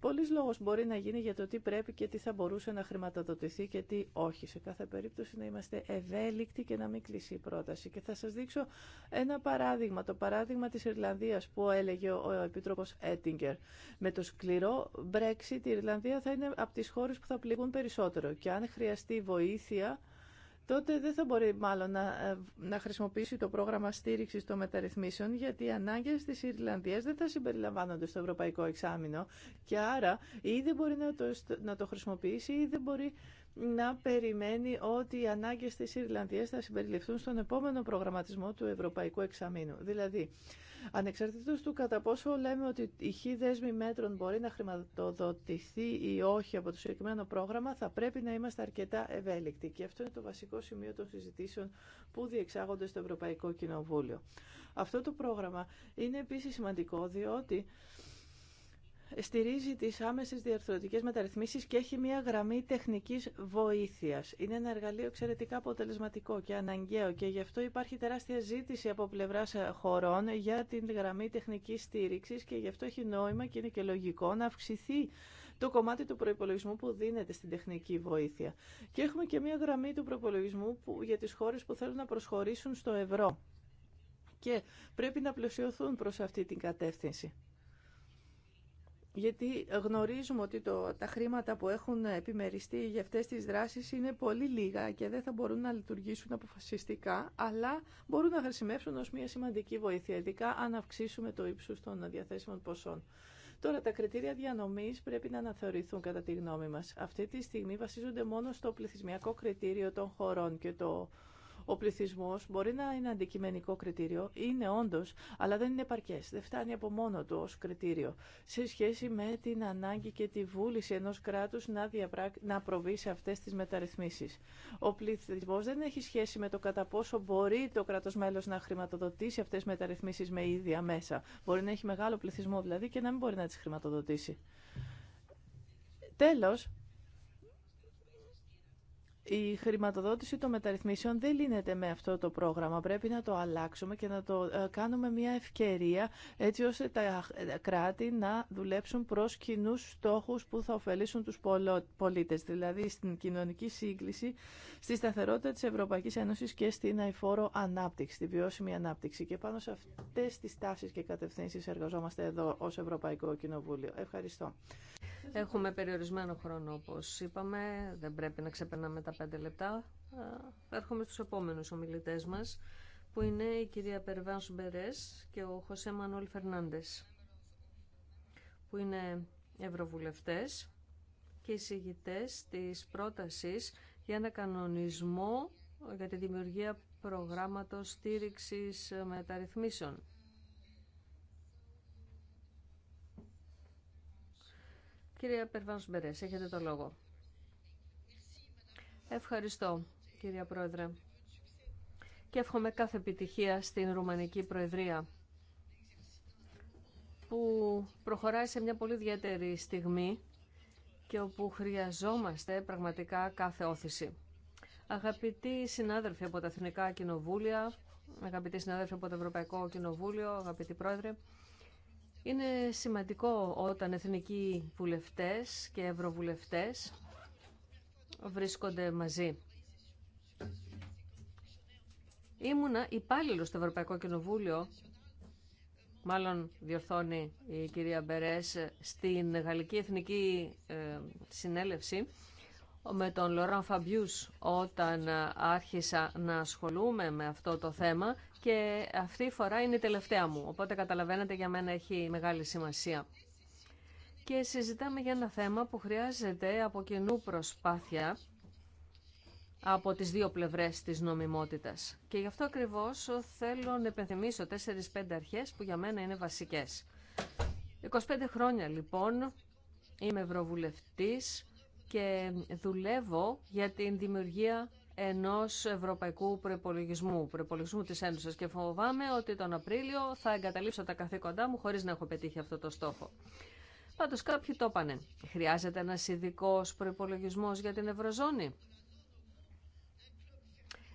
Πολλής λόγος μπορεί να γίνει για το τι πρέπει και τι θα μπορούσε να χρηματοδοτηθεί και τι όχι. Σε κάθε περίπτωση να είμαστε ευέλικτοι και να μην κλείσει η πρόταση. Και θα σας δείξω ένα παράδειγμα, το παράδειγμα της Ιρλανδίας που έλεγε ο Επίτροπος Έτιγκερ. Με το σκληρό Brexit η Ιρλανδία θα είναι από τις χώρες που θα πληγούν περισσότερο και αν χρειαστεί βοήθεια τότε δεν θα μπορεί μάλλον να, ε, χρησιμοποιήσει το πρόγραμμα στήριξη των μεταρρυθμίσεων, γιατί οι ανάγκε τη Ιρλανδία δεν θα συμπεριλαμβάνονται στο Ευρωπαϊκό Εξάμεινο. Και άρα ή δεν μπορεί να το, χρησιμοποιήσει ή δεν μπορεί να περιμένει ότι οι ανάγκε τη Ιρλανδία θα συμπεριληφθούν στον επόμενο προγραμματισμό του Ευρωπαϊκού Εξαμήνου. Δηλαδή, Ανεξαρτήτως του κατά πόσο λέμε ότι η χή δέσμη μέτρων μπορεί να χρηματοδοτηθεί ή όχι από το συγκεκριμένο πρόγραμμα, θα πρέπει να είμαστε αρκετά ευέλικτοι. Και αυτό είναι το βασικό σημείο των συζητήσεων που διεξάγονται στο Ευρωπαϊκό Κοινοβούλιο. Αυτό το πρόγραμμα είναι επίσης σημαντικό διότι στηρίζει τις άμεσες διαρθρωτικές μεταρρυθμίσεις και έχει μια γραμμή τεχνικής βοήθειας. Είναι ένα εργαλείο εξαιρετικά αποτελεσματικό και αναγκαίο και γι' αυτό υπάρχει τεράστια ζήτηση από πλευράς χωρών για την γραμμή τεχνικής στήριξης και γι' αυτό έχει νόημα και είναι και λογικό να αυξηθεί το κομμάτι του προπολογισμού που δίνεται στην τεχνική βοήθεια. Και έχουμε και μια γραμμή του προπολογισμού που, για τις χώρες που θέλουν να προσχωρήσουν στο ευρώ. Και πρέπει να πλαισιωθούν προς αυτή την κατεύθυνση γιατί γνωρίζουμε ότι το, τα χρήματα που έχουν επιμεριστεί για αυτές τις δράσεις είναι πολύ λίγα και δεν θα μπορούν να λειτουργήσουν αποφασιστικά, αλλά μπορούν να χρησιμεύσουν ως μια σημαντική βοήθεια, ειδικά αν αυξήσουμε το ύψος των διαθέσιμων ποσών. Τώρα, τα κριτήρια διανομή πρέπει να αναθεωρηθούν κατά τη γνώμη μα. Αυτή τη στιγμή βασίζονται μόνο στο πληθυσμιακό κριτήριο των χωρών και το ο πληθυσμό μπορεί να είναι αντικειμενικό κριτήριο, είναι όντω, αλλά δεν είναι επαρκέ. Δεν φτάνει από μόνο του ω κριτήριο. Σε σχέση με την ανάγκη και τη βούληση ενό κράτου να, προβεί σε αυτέ τι μεταρρυθμίσει. Ο πληθυσμό δεν έχει σχέση με το κατά πόσο μπορεί το κράτο μέλο να χρηματοδοτήσει αυτέ τι μεταρρυθμίσει με ίδια μέσα. Μπορεί να έχει μεγάλο πληθυσμό δηλαδή και να μην μπορεί να τι χρηματοδοτήσει. Τέλος, η χρηματοδότηση των μεταρρυθμίσεων δεν λύνεται με αυτό το πρόγραμμα. Πρέπει να το αλλάξουμε και να το ε, κάνουμε μια ευκαιρία έτσι ώστε τα ε, κράτη να δουλέψουν προς κοινού στόχους που θα ωφελήσουν τους πολίτες, δηλαδή στην κοινωνική σύγκληση, στη σταθερότητα της Ευρωπαϊκής Ένωσης και στην αηφόρο ανάπτυξη, στη βιώσιμη ανάπτυξη. Και πάνω σε αυτές τις τάσεις και κατευθύνσεις εργαζόμαστε εδώ ως Ευρωπαϊκό Κοινοβούλιο. Ευχαριστώ. Έχουμε περιορισμένο χρόνο, όπω είπαμε. Δεν πρέπει να ξεπερνάμε τα πέντε λεπτά. Έρχομαι στους επόμενους ομιλητές μας, που είναι η κυρία Περβάνς Μπερές και ο Χωσέ Μανώλη Φερνάντες, που είναι ευρωβουλευτές και εισηγητές της πρότασης για ένα κανονισμό για τη δημιουργία προγράμματος στήριξης μεταρρυθμίσεων. Κυρία Περβάνς Μπερές, έχετε το λόγο. Ευχαριστώ, κυρία Πρόεδρε. Και εύχομαι κάθε επιτυχία στην Ρουμανική Προεδρία που προχωράει σε μια πολύ ιδιαίτερη στιγμή και όπου χρειαζόμαστε πραγματικά κάθε όθηση. Αγαπητοί συνάδελφοι από τα Εθνικά Κοινοβούλια, αγαπητοί συνάδελφοι από το Ευρωπαϊκό Κοινοβούλιο, αγαπητοί πρόεδρε, είναι σημαντικό όταν εθνικοί βουλευτές και ευρωβουλευτές βρίσκονται μαζί. Ήμουνα υπάλληλο στο Ευρωπαϊκό Κοινοβούλιο, μάλλον διορθώνει η κυρία Μπερές, στην Γαλλική Εθνική ε, Συνέλευση με τον Λοράν Φαμπιούς όταν άρχισα να ασχολούμαι με αυτό το θέμα και αυτή η φορά είναι η τελευταία μου, οπότε καταλαβαίνετε για μένα έχει μεγάλη σημασία και συζητάμε για ένα θέμα που χρειάζεται από κοινού προσπάθεια από τις δύο πλευρές της νομιμότητας. Και γι' αυτό ακριβώς θέλω να επενθυμισω τέσσερις πέντε αρχές που για μένα είναι βασικές. 25 χρόνια λοιπόν είμαι ευρωβουλευτής και δουλεύω για την δημιουργία ενός ευρωπαϊκού προπολογισμού, προπολογισμού της Ένωσης και φοβάμαι ότι τον Απρίλιο θα εγκαταλείψω τα καθήκοντά μου χωρίς να έχω πετύχει αυτό το στόχο. Πάντως κάποιοι το είπανε. Χρειάζεται ένας ειδικό προπολογισμό για την Ευρωζώνη.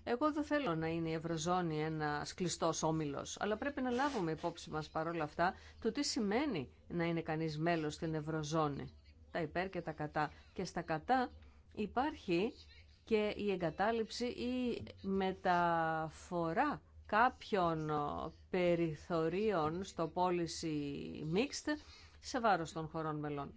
Εγώ δεν θέλω να είναι η Ευρωζώνη ένα κλειστό όμιλο, αλλά πρέπει να λάβουμε υπόψη μα παρόλα αυτά το τι σημαίνει να είναι κανεί μέλο στην Ευρωζώνη. Τα υπέρ και τα κατά. Και στα κατά υπάρχει και η εγκατάλειψη ή μεταφορά κάποιων περιθωρίων στο policy mixed σε βάρος των χωρών μελών.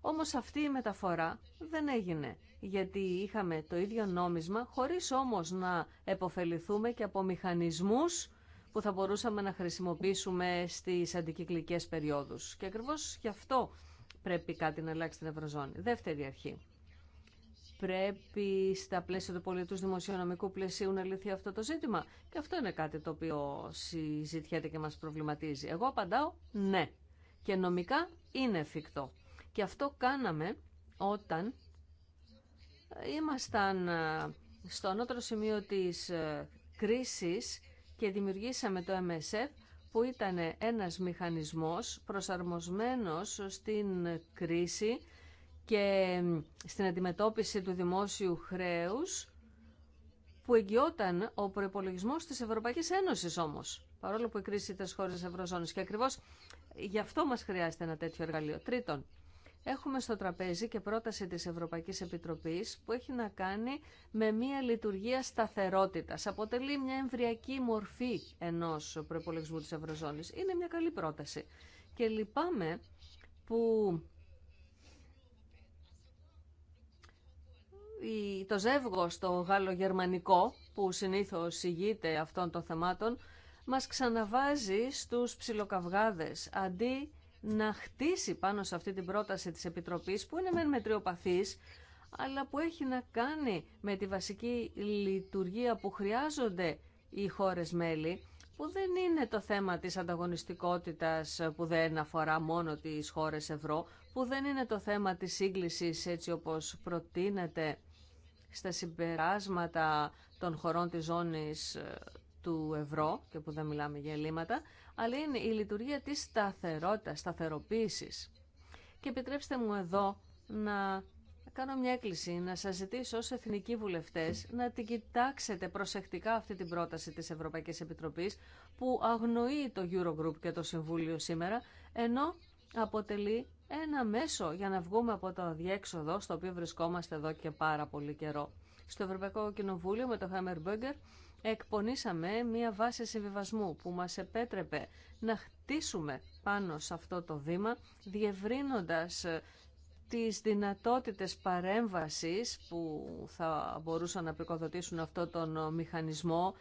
Όμως αυτή η μεταφορά δεν έγινε, γιατί είχαμε το ίδιο νόμισμα, χωρίς όμως να επωφεληθούμε και από μηχανισμούς που θα μπορούσαμε να χρησιμοποιήσουμε στις αντικυκλικές περιόδους. Και ακριβώς γι' αυτό πρέπει κάτι να αλλάξει την Ευρωζώνη. Δεύτερη αρχή. Πρέπει στα πλαίσια του πολιτού δημοσιονομικού πλαισίου να λυθεί αυτό το ζήτημα. Και αυτό είναι κάτι το οποίο συζητιέται και μας προβληματίζει. Εγώ απαντάω ναι και νομικά είναι εφικτό. Και αυτό κάναμε όταν ήμασταν ε, στο ανώτερο σημείο της ε, κρίσης και δημιουργήσαμε το MSF που ήταν ένας μηχανισμός προσαρμοσμένος στην κρίση και στην αντιμετώπιση του δημόσιου χρέους που εγγυόταν ο προπολογισμό της Ευρωπαϊκής Ένωσης όμως παρόλο που η κρίση ήταν στις χώρες της Ευρωζώνης και ακριβώς Γι' αυτό μας χρειάζεται ένα τέτοιο εργαλείο. Τρίτον, έχουμε στο τραπέζι και πρόταση της Ευρωπαϊκής Επιτροπής που έχει να κάνει με μια λειτουργία σταθερότητας. Αποτελεί μια εμβριακή μορφή ενός προπολογισμού της Ευρωζώνης. Είναι μια καλή πρόταση. Και λυπάμαι που το ζεύγο στο γαλλογερμανικό που συνήθως ηγείται αυτών των θεμάτων μας ξαναβάζει στους ψιλοκαυγάδες αντί να χτίσει πάνω σε αυτή την πρόταση της Επιτροπής που είναι μεν μετριοπαθής αλλά που έχει να κάνει με τη βασική λειτουργία που χρειάζονται οι χώρες μέλη που δεν είναι το θέμα της ανταγωνιστικότητας που δεν αφορά μόνο τις χώρες ευρώ, που δεν είναι το θέμα της σύγκλησης έτσι όπως προτείνεται στα συμπεράσματα των χωρών της ζώνης του ευρώ και που δεν μιλάμε για ελλείμματα, αλλά είναι η λειτουργία της σταθερότητας, σταθεροποίησης. Και επιτρέψτε μου εδώ να κάνω μια έκκληση, να σας ζητήσω ως εθνικοί βουλευτές να την κοιτάξετε προσεκτικά αυτή την πρόταση της Ευρωπαϊκής Επιτροπής που αγνοεί το Eurogroup και το Συμβούλιο σήμερα, ενώ αποτελεί ένα μέσο για να βγούμε από το διέξοδο στο οποίο βρισκόμαστε εδώ και πάρα πολύ καιρό. Στο Ευρωπαϊκό Κοινοβούλιο με το Χάμερ εκπονήσαμε μία βάση συμβιβασμού που μας επέτρεπε να χτίσουμε πάνω σε αυτό το βήμα, διευρύνοντας ε, τις δυνατότητες παρέμβασης που θα μπορούσαν να πρικοδοτήσουν αυτό τον ε, μηχανισμό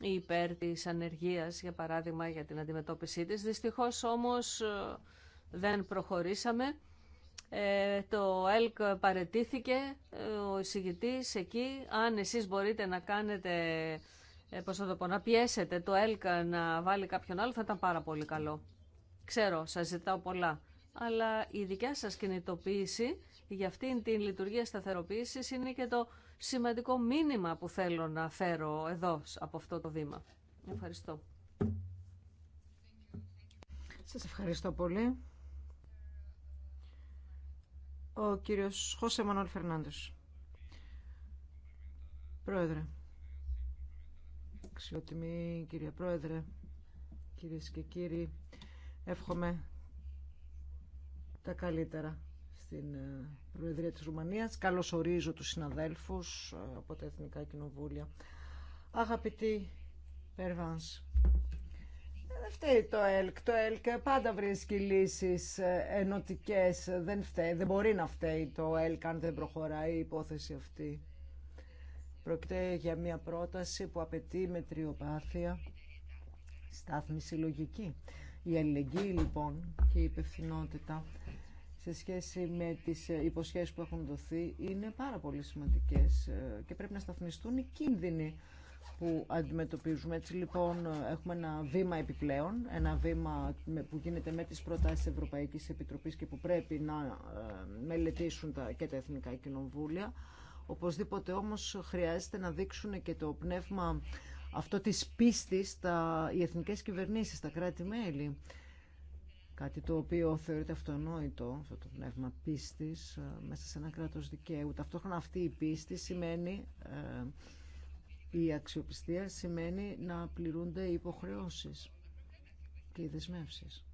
υπέρ της ανεργίας, για παράδειγμα, για την αντιμετώπιση της. Δυστυχώς όμως ε, δεν προχωρήσαμε. το ΕΛΚ παρετήθηκε, ο εισηγητής εκεί. Αν εσείς μπορείτε να κάνετε ε, πώς θα το να πιέσετε το ΕΛΚΑ να βάλει κάποιον άλλο θα ήταν πάρα πολύ καλό. Ξέρω, σας ζητάω πολλά. Αλλά η δικιά σας κινητοποίηση για αυτήν την λειτουργία σταθεροποίησης είναι και το σημαντικό μήνυμα που θέλω να φέρω εδώ από αυτό το βήμα. Ευχαριστώ. Σας ευχαριστώ πολύ. Ο κύριος Χώσε Μανώλ Φερνάντος. Πρόεδρε. Αξιότιμη κυρία Πρόεδρε, κυρίες και κύριοι, εύχομαι τα καλύτερα στην ε, Προεδρία της Ρουμανίας. Καλώς ορίζω τους συναδέλφους ε, από τα Εθνικά Κοινοβούλια. Αγαπητοί Περβάνς, δεν φταίει το ΕΛΚ. Το ΕΛΚ πάντα βρίσκει λύσεις ε, ενωτικές. Δεν, φταίει. δεν μπορεί να φταίει το ΕΛΚ αν δεν προχωράει η υπόθεση αυτή. Πρόκειται για μια πρόταση που απαιτεί μετριοπάθεια, στάθμιση λογική. Η αλληλεγγύη λοιπόν και η υπευθυνότητα σε σχέση με τις ε, υποσχέσεις που έχουν δοθεί είναι πάρα πολύ σημαντικές ε, και πρέπει να σταθμιστούν οι κίνδυνοι που αντιμετωπίζουμε. Έτσι λοιπόν έχουμε ένα βήμα επιπλέον, ένα βήμα που γίνεται με τις προτάσεις Ευρωπαϊκής Επιτροπής και που πρέπει να ε, μελετήσουν και τα Εθνικά Κοινοβούλια. Οπωσδήποτε όμως χρειάζεται να δείξουν και το πνεύμα αυτό της πίστης τα, οι εθνικές κυβερνήσεις, τα κράτη-μέλη. Κάτι το οποίο θεωρείται αυτονόητο, αυτό το πνεύμα πίστης, ε, μέσα σε ένα κράτος δικαίου. Ταυτόχρονα αυτή η πίστη σημαίνει, ε, η αξιοπιστία σημαίνει να πληρούνται οι υποχρεώσεις και οι δεσμεύσεις.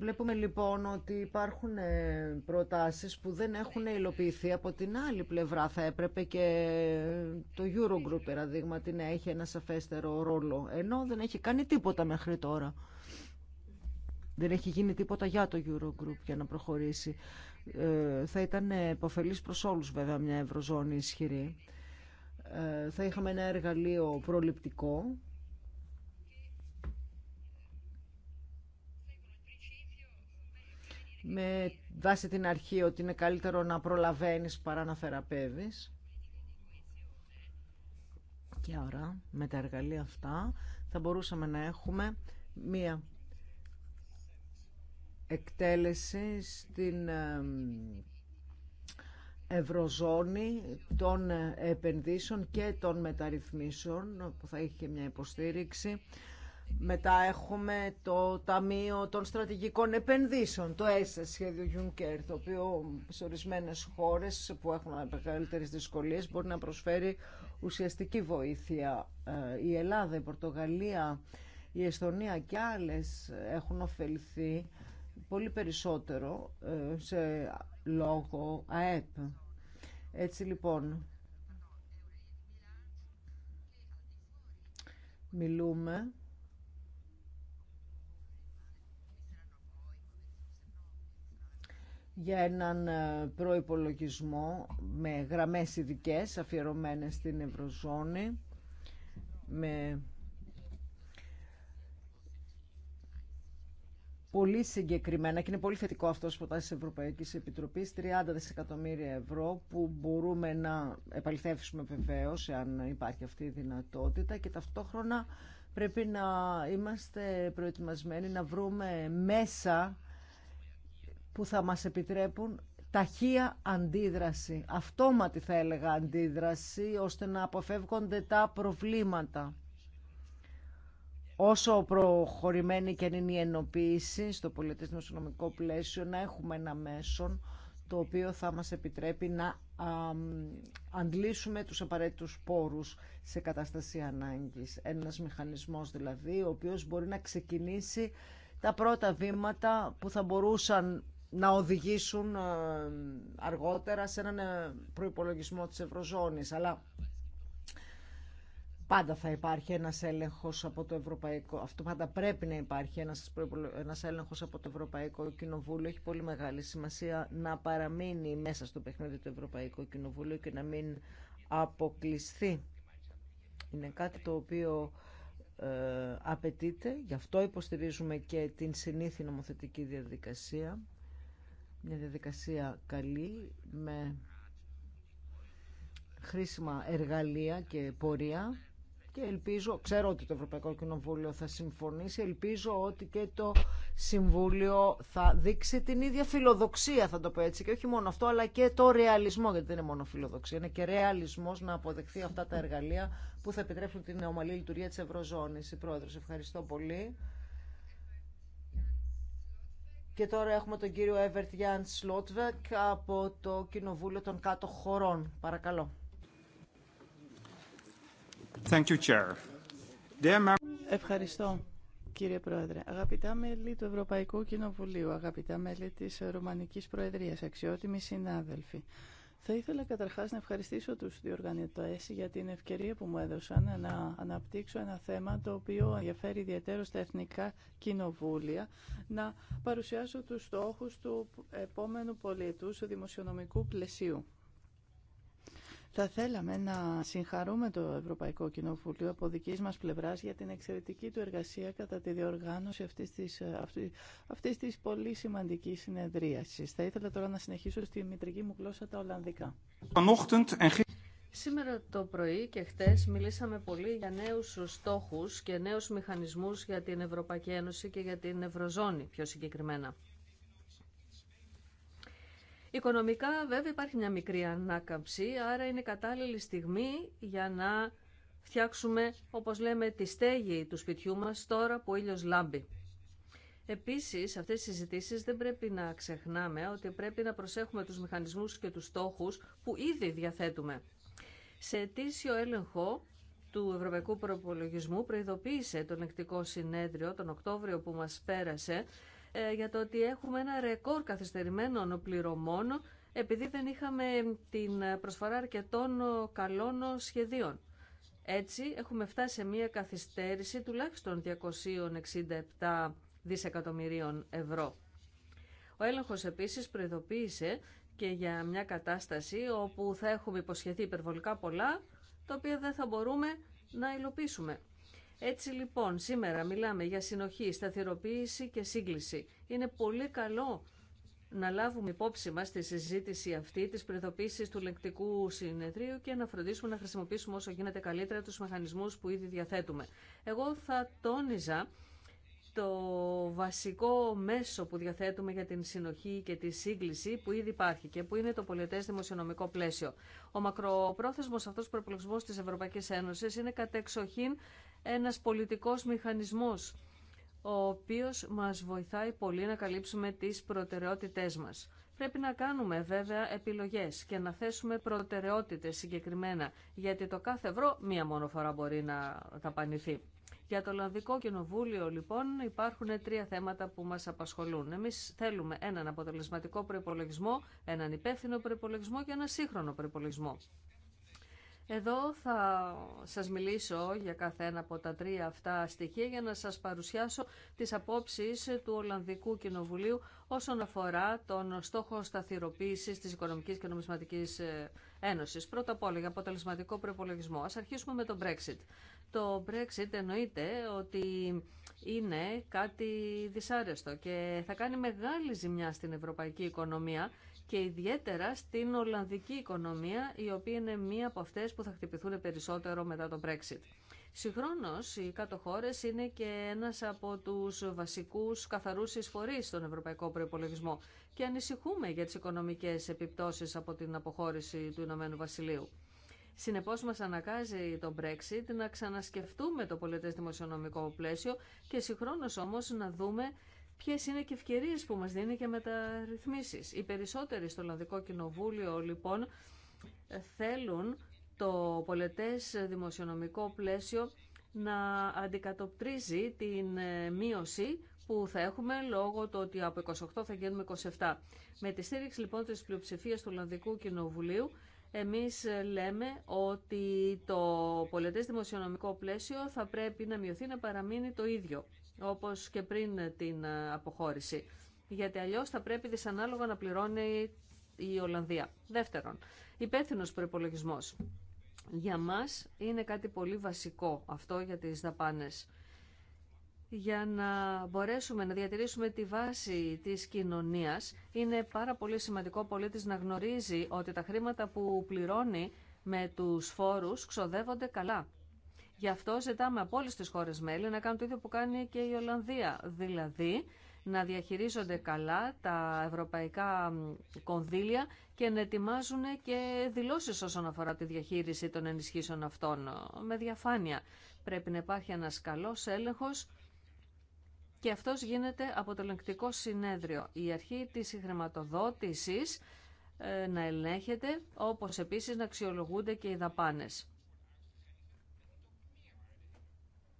Βλέπουμε λοιπόν ότι υπάρχουν ε, προτάσεις που δεν έχουν υλοποιηθεί. Από την άλλη πλευρά θα έπρεπε και ε, το Eurogroup, παραδείγματι, να έχει ένα σαφέστερο ρόλο. Ενώ δεν έχει κάνει τίποτα μέχρι τώρα. Δεν έχει γίνει τίποτα για το Eurogroup για να προχωρήσει. Ε, θα ήταν επωφελής προς όλους βέβαια μια ευρωζώνη ισχυρή. θα είχαμε ένα εργαλείο προληπτικό με βάση την αρχή ότι είναι καλύτερο να προλαβαίνεις παρά να θεραπεύεις. Και άρα με τα εργαλεία αυτά θα μπορούσαμε να έχουμε μία εκτέλεση στην ευρωζώνη των επενδύσεων και των μεταρρυθμίσεων που θα είχε και μια υποστήριξη μετά έχουμε το Ταμείο των Στρατηγικών Επενδύσεων, το ΕΣΕ σχέδιο Juncker, το οποίο σε ορισμένε χώρε που έχουν μεγαλύτερε δυσκολίε μπορεί να προσφέρει ουσιαστική βοήθεια. Ε, η Ελλάδα, η Πορτογαλία, η Εστονία και άλλε έχουν ωφεληθεί πολύ περισσότερο ε, σε λόγο ΑΕΠ. Έτσι λοιπόν, μιλούμε για έναν ε, προϋπολογισμό με γραμμές ειδικέ αφιερωμένες στην Ευρωζώνη με πολύ συγκεκριμένα και είναι πολύ θετικό αυτό στις προτάσεις Ευρωπαϊκής Επιτροπής 30 δισεκατομμύρια ευρώ που μπορούμε να επαληθεύσουμε βεβαίω αν υπάρχει αυτή η δυνατότητα και ταυτόχρονα πρέπει να είμαστε προετοιμασμένοι να βρούμε μέσα που θα μας επιτρέπουν ταχεία αντίδραση, αυτόματη θα έλεγα αντίδραση, ώστε να αποφεύγονται τα προβλήματα. Όσο προχωρημένη και είναι η ενοποίηση στο πολιτισμο οικονομικό πλαίσιο, να έχουμε ένα μέσο το οποίο θα μας επιτρέπει να αντλήσουμε τους απαραίτητους πόρους σε κατάσταση ανάγκης. Ένας μηχανισμός δηλαδή, ο οποίος μπορεί να ξεκινήσει τα πρώτα βήματα που θα μπορούσαν να οδηγήσουν ε, αργότερα σε έναν ε, προϋπολογισμό της Ευρωζώνης. Αλλά πάντα θα υπάρχει ένας έλεγχος από το Ευρωπαϊκό... Αυτό πάντα πρέπει να υπάρχει ένας, ένας έλεγχος από το Ευρωπαϊκό Κοινοβούλιο. Έχει πολύ μεγάλη σημασία να παραμείνει μέσα στο παιχνίδι του ευρωπαϊκό Κοινοβούλιο και να μην αποκλειστεί. Είναι κάτι το οποίο ε, απαιτείται. Γι' αυτό υποστηρίζουμε και την συνήθη νομοθετική διαδικασία μια διαδικασία καλή με χρήσιμα εργαλεία και πορεία και ελπίζω, ξέρω ότι το Ευρωπαϊκό Κοινοβούλιο θα συμφωνήσει, ελπίζω ότι και το Συμβούλιο θα δείξει την ίδια φιλοδοξία, θα το πω έτσι, και όχι μόνο αυτό, αλλά και το ρεαλισμό, γιατί δεν είναι μόνο φιλοδοξία, είναι και ρεαλισμός να αποδεχθεί αυτά τα εργαλεία που θα επιτρέψουν την ομαλή λειτουργία της Ευρωζώνης. Η Πρόεδρος, ευχαριστώ πολύ. Και τώρα έχουμε τον κύριο Εύερτ Γιάνν Σλότβεκ από το Κοινοβούλιο των Κάτω Χωρών. Παρακαλώ. Thank you, Ευχαριστώ. Κύριε Πρόεδρε, αγαπητά μέλη του Ευρωπαϊκού Κοινοβουλίου, αγαπητά μέλη της Ρουμανικής Προεδρίας, αξιότιμοι συνάδελφοι, θα ήθελα καταρχάς να ευχαριστήσω τους διοργανωτές για την ευκαιρία που μου έδωσαν να αναπτύξω ένα θέμα το οποίο ενδιαφέρει ιδιαίτερο στα εθνικά κοινοβούλια, να παρουσιάσω τους στόχους του επόμενου πολιετούς δημοσιονομικού πλαισίου. Θα θέλαμε να συγχαρούμε το Ευρωπαϊκό Κοινοβούλιο από δική μα πλευρά για την εξαιρετική του εργασία κατά τη διοργάνωση αυτή αυτή, αυτής πολύ σημαντική συνεδρίαση. Θα ήθελα τώρα να συνεχίσω στη μητρική μου γλώσσα τα Ολλανδικά. Σήμερα το πρωί και χτες μιλήσαμε πολύ για νέους στόχους και νέους μηχανισμούς για την Ευρωπαϊκή Ένωση και για την Ευρωζώνη πιο συγκεκριμένα. Οικονομικά βέβαια υπάρχει μια μικρή ανάκαμψη, άρα είναι κατάλληλη στιγμή για να φτιάξουμε, όπως λέμε, τη στέγη του σπιτιού μας τώρα που ο ήλιος λάμπει. Επίσης, σε αυτές τις συζητήσεις δεν πρέπει να ξεχνάμε ότι πρέπει να προσέχουμε τους μηχανισμούς και τους στόχους που ήδη διαθέτουμε. Σε αιτήσιο έλεγχο του Ευρωπαϊκού Προπολογισμού προειδοποίησε το νεκτικό συνέδριο τον Οκτώβριο που μας πέρασε ε, για το ότι έχουμε ένα ρεκόρ καθυστερημένων πληρωμών επειδή δεν είχαμε την προσφορά αρκετών ε, καλών ε, σχεδίων. Έτσι, έχουμε φτάσει σε μια καθυστέρηση τουλάχιστον 267 δισεκατομμυρίων ευρώ. Ο έλεγχος επίσης προειδοποίησε και για μια κατάσταση όπου θα έχουμε υποσχεθεί υπερβολικά πολλά, τα οποία δεν θα μπορούμε να υλοποιήσουμε. Έτσι λοιπόν, σήμερα μιλάμε για συνοχή, σταθεροποίηση και σύγκληση. Είναι πολύ καλό να λάβουμε υπόψη μας στη συζήτηση αυτή της προειδοποίησης του λεκτικού συνεδρίου και να φροντίσουμε να χρησιμοποιήσουμε όσο γίνεται καλύτερα τους μηχανισμούς που ήδη διαθέτουμε. Εγώ θα τόνιζα το βασικό μέσο που διαθέτουμε για την συνοχή και τη σύγκληση που ήδη υπάρχει και που είναι το πολιτές δημοσιονομικό πλαίσιο. Ο μακροπρόθεσμος αυτός προπολογισμός της Ευρωπαϊκής Ένωσης είναι κατεξοχήν ένας πολιτικός μηχανισμός ο οποίος μας βοηθάει πολύ να καλύψουμε τις προτεραιότητές μας. Πρέπει να κάνουμε βέβαια επιλογές και να θέσουμε προτεραιότητες συγκεκριμένα, γιατί το κάθε ευρώ μία μόνο φορά μπορεί να ταπανηθεί. Για το Ολλανδικό Κοινοβούλιο, λοιπόν, υπάρχουν τρία θέματα που μα απασχολούν. Εμεί θέλουμε έναν αποτελεσματικό προπολογισμό, έναν υπεύθυνο προπολογισμό και ένα σύγχρονο προπολογισμό. Εδώ θα σας μιλήσω για κάθε ένα από τα τρία αυτά στοιχεία για να σας παρουσιάσω τις απόψεις του Ολλανδικού Κοινοβουλίου όσον αφορά τον στόχο σταθεροποίησης της Οικονομικής και Νομισματικής ε, Ένωσης. Πρώτα απ' όλα για αποτελεσματικό προπολογισμό. Α αρχίσουμε με τον Brexit. Το Brexit εννοείται ότι είναι κάτι δυσάρεστο και θα κάνει μεγάλη ζημιά στην ευρωπαϊκή οικονομία και ιδιαίτερα στην Ολλανδική οικονομία, η οποία είναι μία από αυτές που θα χτυπηθούν περισσότερο μετά το Brexit. Συγχρόνως, οι κάτω χώρε είναι και ένας από τους βασικούς καθαρούς εισφορείς στον ευρωπαϊκό προϋπολογισμό και ανησυχούμε για τις οικονομικές επιπτώσεις από την αποχώρηση του Ηνωμένου Βασιλείου. Συνεπώ μα αναγκάζει το Brexit να ξανασκεφτούμε το πολιτέ δημοσιονομικό πλαίσιο και συγχρόνω όμω να δούμε Ποιε είναι και ευκαιρίε που μα δίνει και μεταρρυθμίσει. Οι περισσότεροι στο Ολλανδικό Κοινοβούλιο, λοιπόν, θέλουν το πολιτέ δημοσιονομικό πλαίσιο να αντικατοπτρίζει την ε, μείωση που θα έχουμε λόγω του ότι από 28 θα γίνουμε 27. Με τη στήριξη λοιπόν της πλειοψηφίας του Ολλανδικού Κοινοβουλίου εμείς λέμε ότι το πολιτές δημοσιονομικό πλαίσιο θα πρέπει να μειωθεί να παραμείνει το ίδιο, όπως και πριν την αποχώρηση. Γιατί αλλιώς θα πρέπει δυσανάλογα να πληρώνει η Ολλανδία. Δεύτερον, υπεύθυνο προπολογισμό. Για μας είναι κάτι πολύ βασικό αυτό για τις δαπάνες για να μπορέσουμε να διατηρήσουμε τη βάση της κοινωνίας, είναι πάρα πολύ σημαντικό ο πολίτης να γνωρίζει ότι τα χρήματα που πληρώνει με τους φόρους ξοδεύονται καλά. Γι' αυτό ζητάμε από όλες τις χώρες μέλη να κάνουν το ίδιο που κάνει και η Ολλανδία, δηλαδή να διαχειρίζονται καλά τα ευρωπαϊκά κονδύλια και να ετοιμάζουν και δηλώσεις όσον αφορά τη διαχείριση των ενισχύσεων αυτών με διαφάνεια. Πρέπει να υπάρχει ένας καλός έλεγχος και αυτός γίνεται από το ελεγκτικό συνέδριο. Η αρχή της χρηματοδότησης ε, να ελέγχεται, όπως επίσης να αξιολογούνται και οι δαπάνες.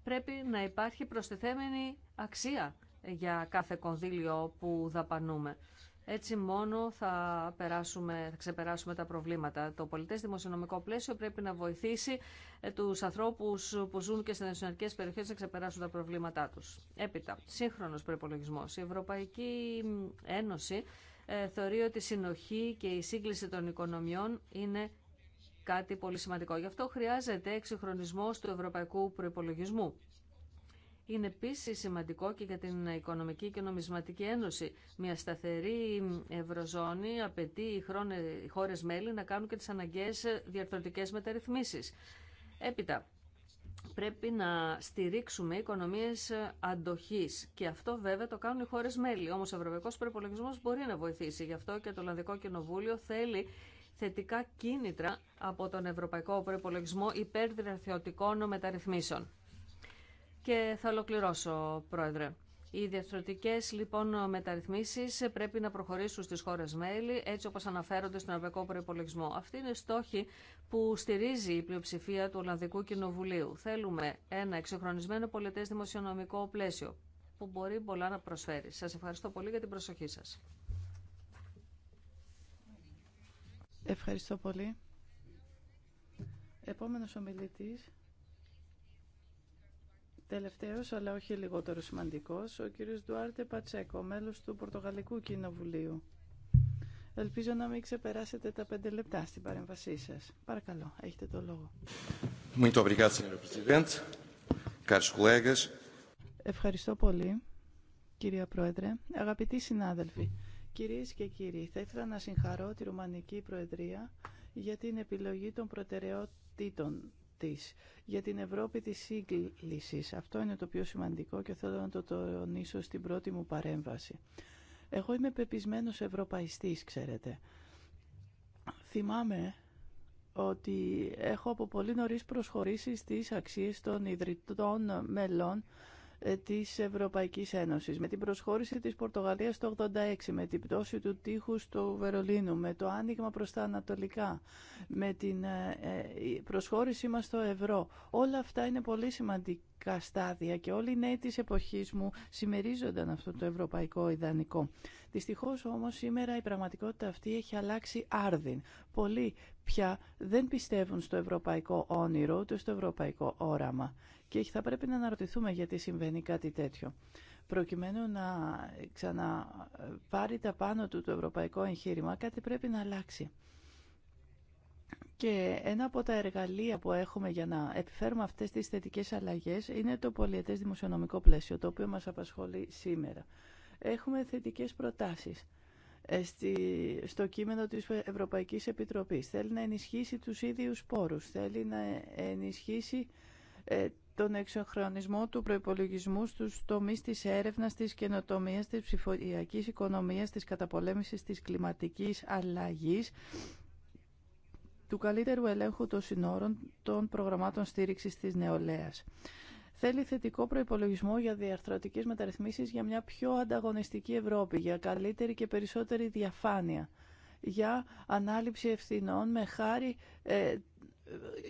Πρέπει να υπάρχει προστιθέμενη αξία για κάθε κονδύλιο που δαπανούμε. Έτσι μόνο θα, περάσουμε, ξεπεράσουμε τα προβλήματα. Το πολιτές δημοσιονομικό πλαίσιο πρέπει να βοηθήσει ε, τους ανθρώπους που ζουν και σε νοσιακές περιοχές να ξεπεράσουν τα προβλήματά τους. Έπειτα, σύγχρονος προπολογισμό. Η Ευρωπαϊκή Ένωση ε, θεωρεί ότι η συνοχή και η σύγκληση των οικονομιών είναι κάτι πολύ σημαντικό. Γι' αυτό χρειάζεται εξυγχρονισμός του ευρωπαϊκού προπολογισμού είναι επίσης σημαντικό και για την Οικονομική και Νομισματική Ένωση. Μια σταθερή ευρωζώνη απαιτεί οι, χώρες μέλη να κάνουν και τις αναγκαίες διαρθρωτικές μεταρρυθμίσεις. Έπειτα, πρέπει να στηρίξουμε οικονομίες αντοχής και αυτό βέβαια το κάνουν οι χώρες μέλη. Όμως ο Ευρωπαϊκός Προπολογισμός μπορεί να βοηθήσει. Γι' αυτό και το Ολλανδικό Κοινοβούλιο θέλει θετικά κίνητρα από τον Ευρωπαϊκό Προπολογισμό υπέρ μεταρρυθμίσεων. Και θα ολοκληρώσω, Πρόεδρε. Οι διαφορετικέ λοιπόν μεταρρυθμίσεις πρέπει να προχωρήσουν στι χώρε μέλη έτσι όπω αναφέρονται στον Ευρωπαϊκό Προπολογισμό. Αυτή είναι στόχη που στηρίζει η πλειοψηφία του Ολλανδικού Κοινοβουλίου. Θέλουμε ένα εξυγχρονισμένο πολιτέ δημοσιονομικό πλαίσιο που μπορεί πολλά να προσφέρει. Σα ευχαριστώ πολύ για την προσοχή σα. Ευχαριστώ πολύ. Επόμενος ομιλητής Τελευταίος, αλλά όχι λιγότερο σημαντικός, ο κύριος Ντουάρτε Πατσέκο, μέλος του Πορτογαλικού Κοινοβουλίου. Ελπίζω να μην ξεπεράσετε τα πέντε λεπτά στην παρέμβασή σας. Παρακαλώ, έχετε το λόγο. Ευχαριστώ πολύ, κύριε Πρόεδρε. Αγαπητοί συνάδελφοι, κυρίες και κύριοι, θα ήθελα να συγχαρώ τη Ρουμανική Προεδρία για την επιλογή των προτεραιότητων για την Ευρώπη της σύγκλησης. Αυτό είναι το πιο σημαντικό και θέλω να το τονίσω στην πρώτη μου παρέμβαση. Εγώ είμαι πεπισμένος ευρωπαϊστής, ξέρετε. Θυμάμαι ότι έχω από πολύ νωρίς προσχωρήσει στις αξίες των ιδρυτών μελών ε, της Ευρωπαϊκής Ένωσης, με την προσχώρηση της Πορτογαλίας το 86, με την πτώση του τείχου στο Βερολίνο, με το άνοιγμα προς τα Ανατολικά, με την ε, ε, προσχώρησή μας στο ευρώ. Όλα αυτά είναι πολύ σημαντικά στάδια και όλοι οι νέοι της εποχής μου συμμερίζονταν αυτό το ευρωπαϊκό ιδανικό. Δυστυχώς όμως σήμερα η πραγματικότητα αυτή έχει αλλάξει άρδιν. Πολλοί πια δεν πιστεύουν στο ευρωπαϊκό όνειρο ούτε στο ευρωπαϊκό όραμα και θα πρέπει να αναρωτηθούμε γιατί συμβαίνει κάτι τέτοιο. Προκειμένου να ξαναπάρει τα πάνω του το ευρωπαϊκό εγχείρημα κάτι πρέπει να αλλάξει. Και ένα από τα εργαλεία που έχουμε για να επιφέρουμε αυτές τις θετικές αλλαγές είναι το πολιετές δημοσιονομικό πλαίσιο, το οποίο μας απασχολεί σήμερα. Έχουμε θετικές προτάσεις ε, στο κείμενο της Ευρωπαϊκής Επιτροπής. Θέλει να ενισχύσει τους ίδιους πόρους, θέλει να ενισχύσει ε, τον εξοχρονισμό του προϋπολογισμού στους τομείς της έρευνας, της καινοτομίας, της ψηφοριακής οικονομίας, τη καταπολέμησης της κλιματικής αλλαγής του καλύτερου ελέγχου των συνόρων των προγραμμάτων στήριξης της νεολαίας. Θέλει θετικό προπολογισμό για διαρθρωτικές μεταρρυθμίσεις για μια πιο ανταγωνιστική Ευρώπη, για καλύτερη και περισσότερη διαφάνεια, για ανάληψη ευθυνών με χάρη ε,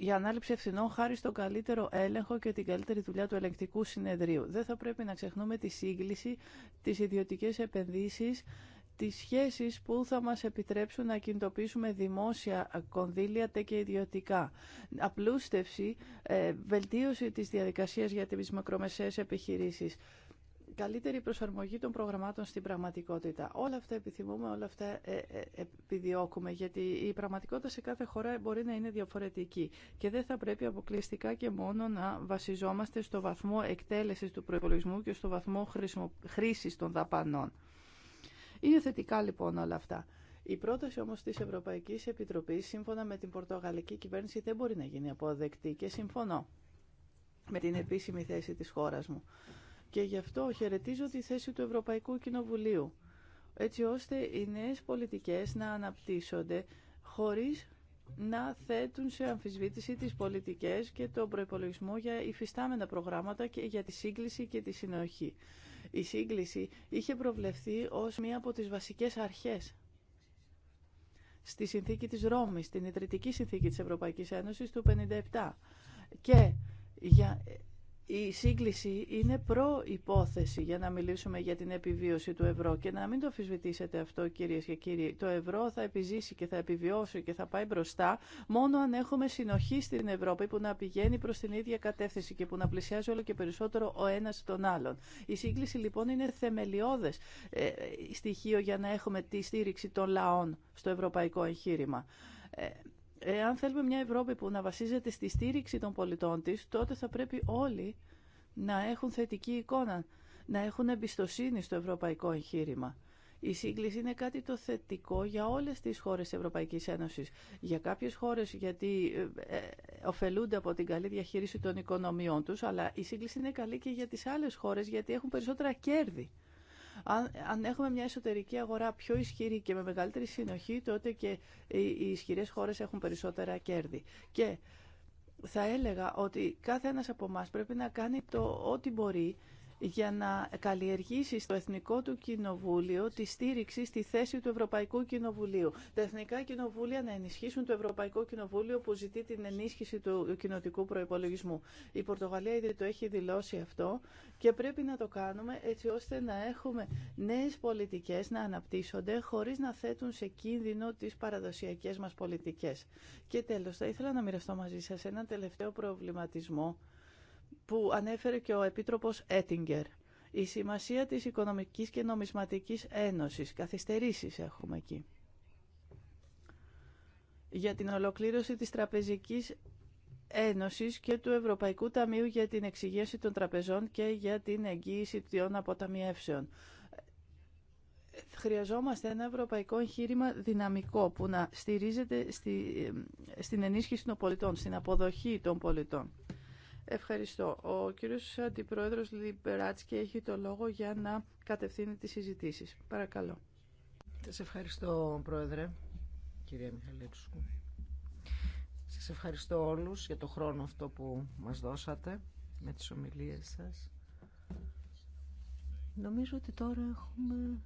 για ανάληψη ευθυνών χάρη στο καλύτερο έλεγχο και την καλύτερη δουλειά του ελεγκτικού συνεδρίου. Δεν θα πρέπει να ξεχνούμε τη σύγκληση, τις ιδιωτικές επενδύσεις, τις σχέσεις που θα μας επιτρέψουν να κινητοποιήσουμε δημόσια κονδύλια και ιδιωτικά. Απλούστευση, ε, βελτίωση της διαδικασίας για τις μικρομεσαίες επιχειρήσεις καλύτερη προσαρμογή των προγραμμάτων στην πραγματικότητα. Όλα αυτά επιθυμούμε, όλα αυτά ε, ε, επιδιώκουμε, γιατί η πραγματικότητα σε κάθε χώρα μπορεί να είναι διαφορετική και δεν θα πρέπει αποκλειστικά και μόνο να βασιζόμαστε στο βαθμό εκτέλεσης του προπολογισμού και στο βαθμό χρήσης των δαπανών. Είναι θετικά λοιπόν όλα αυτά. Η πρόταση όμως της Ευρωπαϊκής Επιτροπής σύμφωνα με την Πορτογαλική κυβέρνηση δεν μπορεί να γίνει αποδεκτή και συμφωνώ με την επίσημη θέση της χώρας μου. Και γι' αυτό χαιρετίζω τη θέση του Ευρωπαϊκού Κοινοβουλίου έτσι ώστε οι νέες πολιτικές να αναπτύσσονται χωρίς να θέτουν σε αμφισβήτηση τις πολιτικές και τον προϋπολογισμό για υφιστάμενα προγράμματα και για τη σύγκληση και τη συνοχή η σύγκληση είχε προβλεφθεί ως μία από τις βασικές αρχές στη συνθήκη της Ρώμης, την ιδρυτική συνθήκη της Ευρωπαϊκής Ένωσης του 1957. Και για η σύγκληση είναι προϋπόθεση για να μιλήσουμε για την επιβίωση του ευρώ και να μην το αφισβητήσετε αυτό κυρίες και κύριοι. Το ευρώ θα επιζήσει και θα επιβιώσει και θα πάει μπροστά μόνο αν έχουμε συνοχή στην Ευρώπη που να πηγαίνει προς την ίδια κατεύθυνση και που να πλησιάζει όλο και περισσότερο ο ένας τον άλλον. Η σύγκληση λοιπόν είναι θεμελιώδες ε, στοιχείο για να έχουμε τη στήριξη των λαών στο ευρωπαϊκό εγχείρημα. Ε, Εάν θέλουμε μια Ευρώπη που να βασίζεται στη στήριξη των πολιτών της, τότε θα πρέπει όλοι να έχουν θετική εικόνα, να έχουν εμπιστοσύνη στο ευρωπαϊκό εγχείρημα. Η σύγκληση είναι κάτι το θετικό για όλες τις χώρες της Ευρωπαϊκής Ένωσης. Για κάποιες χώρες γιατί ε, ε, ωφελούνται από την καλή διαχείριση των οικονομιών τους, αλλά η σύγκληση είναι καλή και για τις άλλες χώρες γιατί έχουν περισσότερα κέρδη. Αν, έχουμε μια εσωτερική αγορά πιο ισχυρή και με μεγαλύτερη συνοχή, τότε και οι ισχυρές χώρες έχουν περισσότερα κέρδη. Και θα έλεγα ότι κάθε ένας από εμά πρέπει να κάνει το ό,τι μπορεί για να καλλιεργήσει στο Εθνικό του Κοινοβούλιο τη στήριξη στη θέση του Ευρωπαϊκού Κοινοβουλίου. Τα Εθνικά Κοινοβούλια να ενισχύσουν το Ευρωπαϊκό Κοινοβούλιο που ζητεί την ενίσχυση του κοινοτικού προπολογισμού. Η Πορτογαλία ήδη το έχει δηλώσει αυτό και πρέπει να το κάνουμε έτσι ώστε να έχουμε νέε πολιτικέ να αναπτύσσονται χωρί να θέτουν σε κίνδυνο τι παραδοσιακέ μα πολιτικέ. Και τέλο, θα ήθελα να μοιραστώ μαζί σα ένα τελευταίο προβληματισμό που ανέφερε και ο Επίτροπος Έτιγκερ. Η σημασία της Οικονομικής και Νομισματικής Ένωσης. Καθυστερήσεις έχουμε εκεί. Για την ολοκλήρωση της Τραπεζικής Ένωσης και του Ευρωπαϊκού Ταμείου για την εξηγίαση των τραπεζών και για την εγγύηση των αποταμιεύσεων. Χρειαζόμαστε ένα ευρωπαϊκό εγχείρημα δυναμικό που να στηρίζεται στην ενίσχυση των πολιτών, στην αποδοχή των πολιτών. Ευχαριστώ. Ο κύριος Αντιπρόεδρος Λιμπεράτσκι έχει το λόγο για να κατευθύνει τις συζητήσεις. Παρακαλώ. Σας ευχαριστώ, Πρόεδρε, κυρία Μιχαλέψου. Σας ευχαριστώ όλους για το χρόνο αυτό που μας δώσατε με τις ομιλίες σας. Νομίζω ότι τώρα έχουμε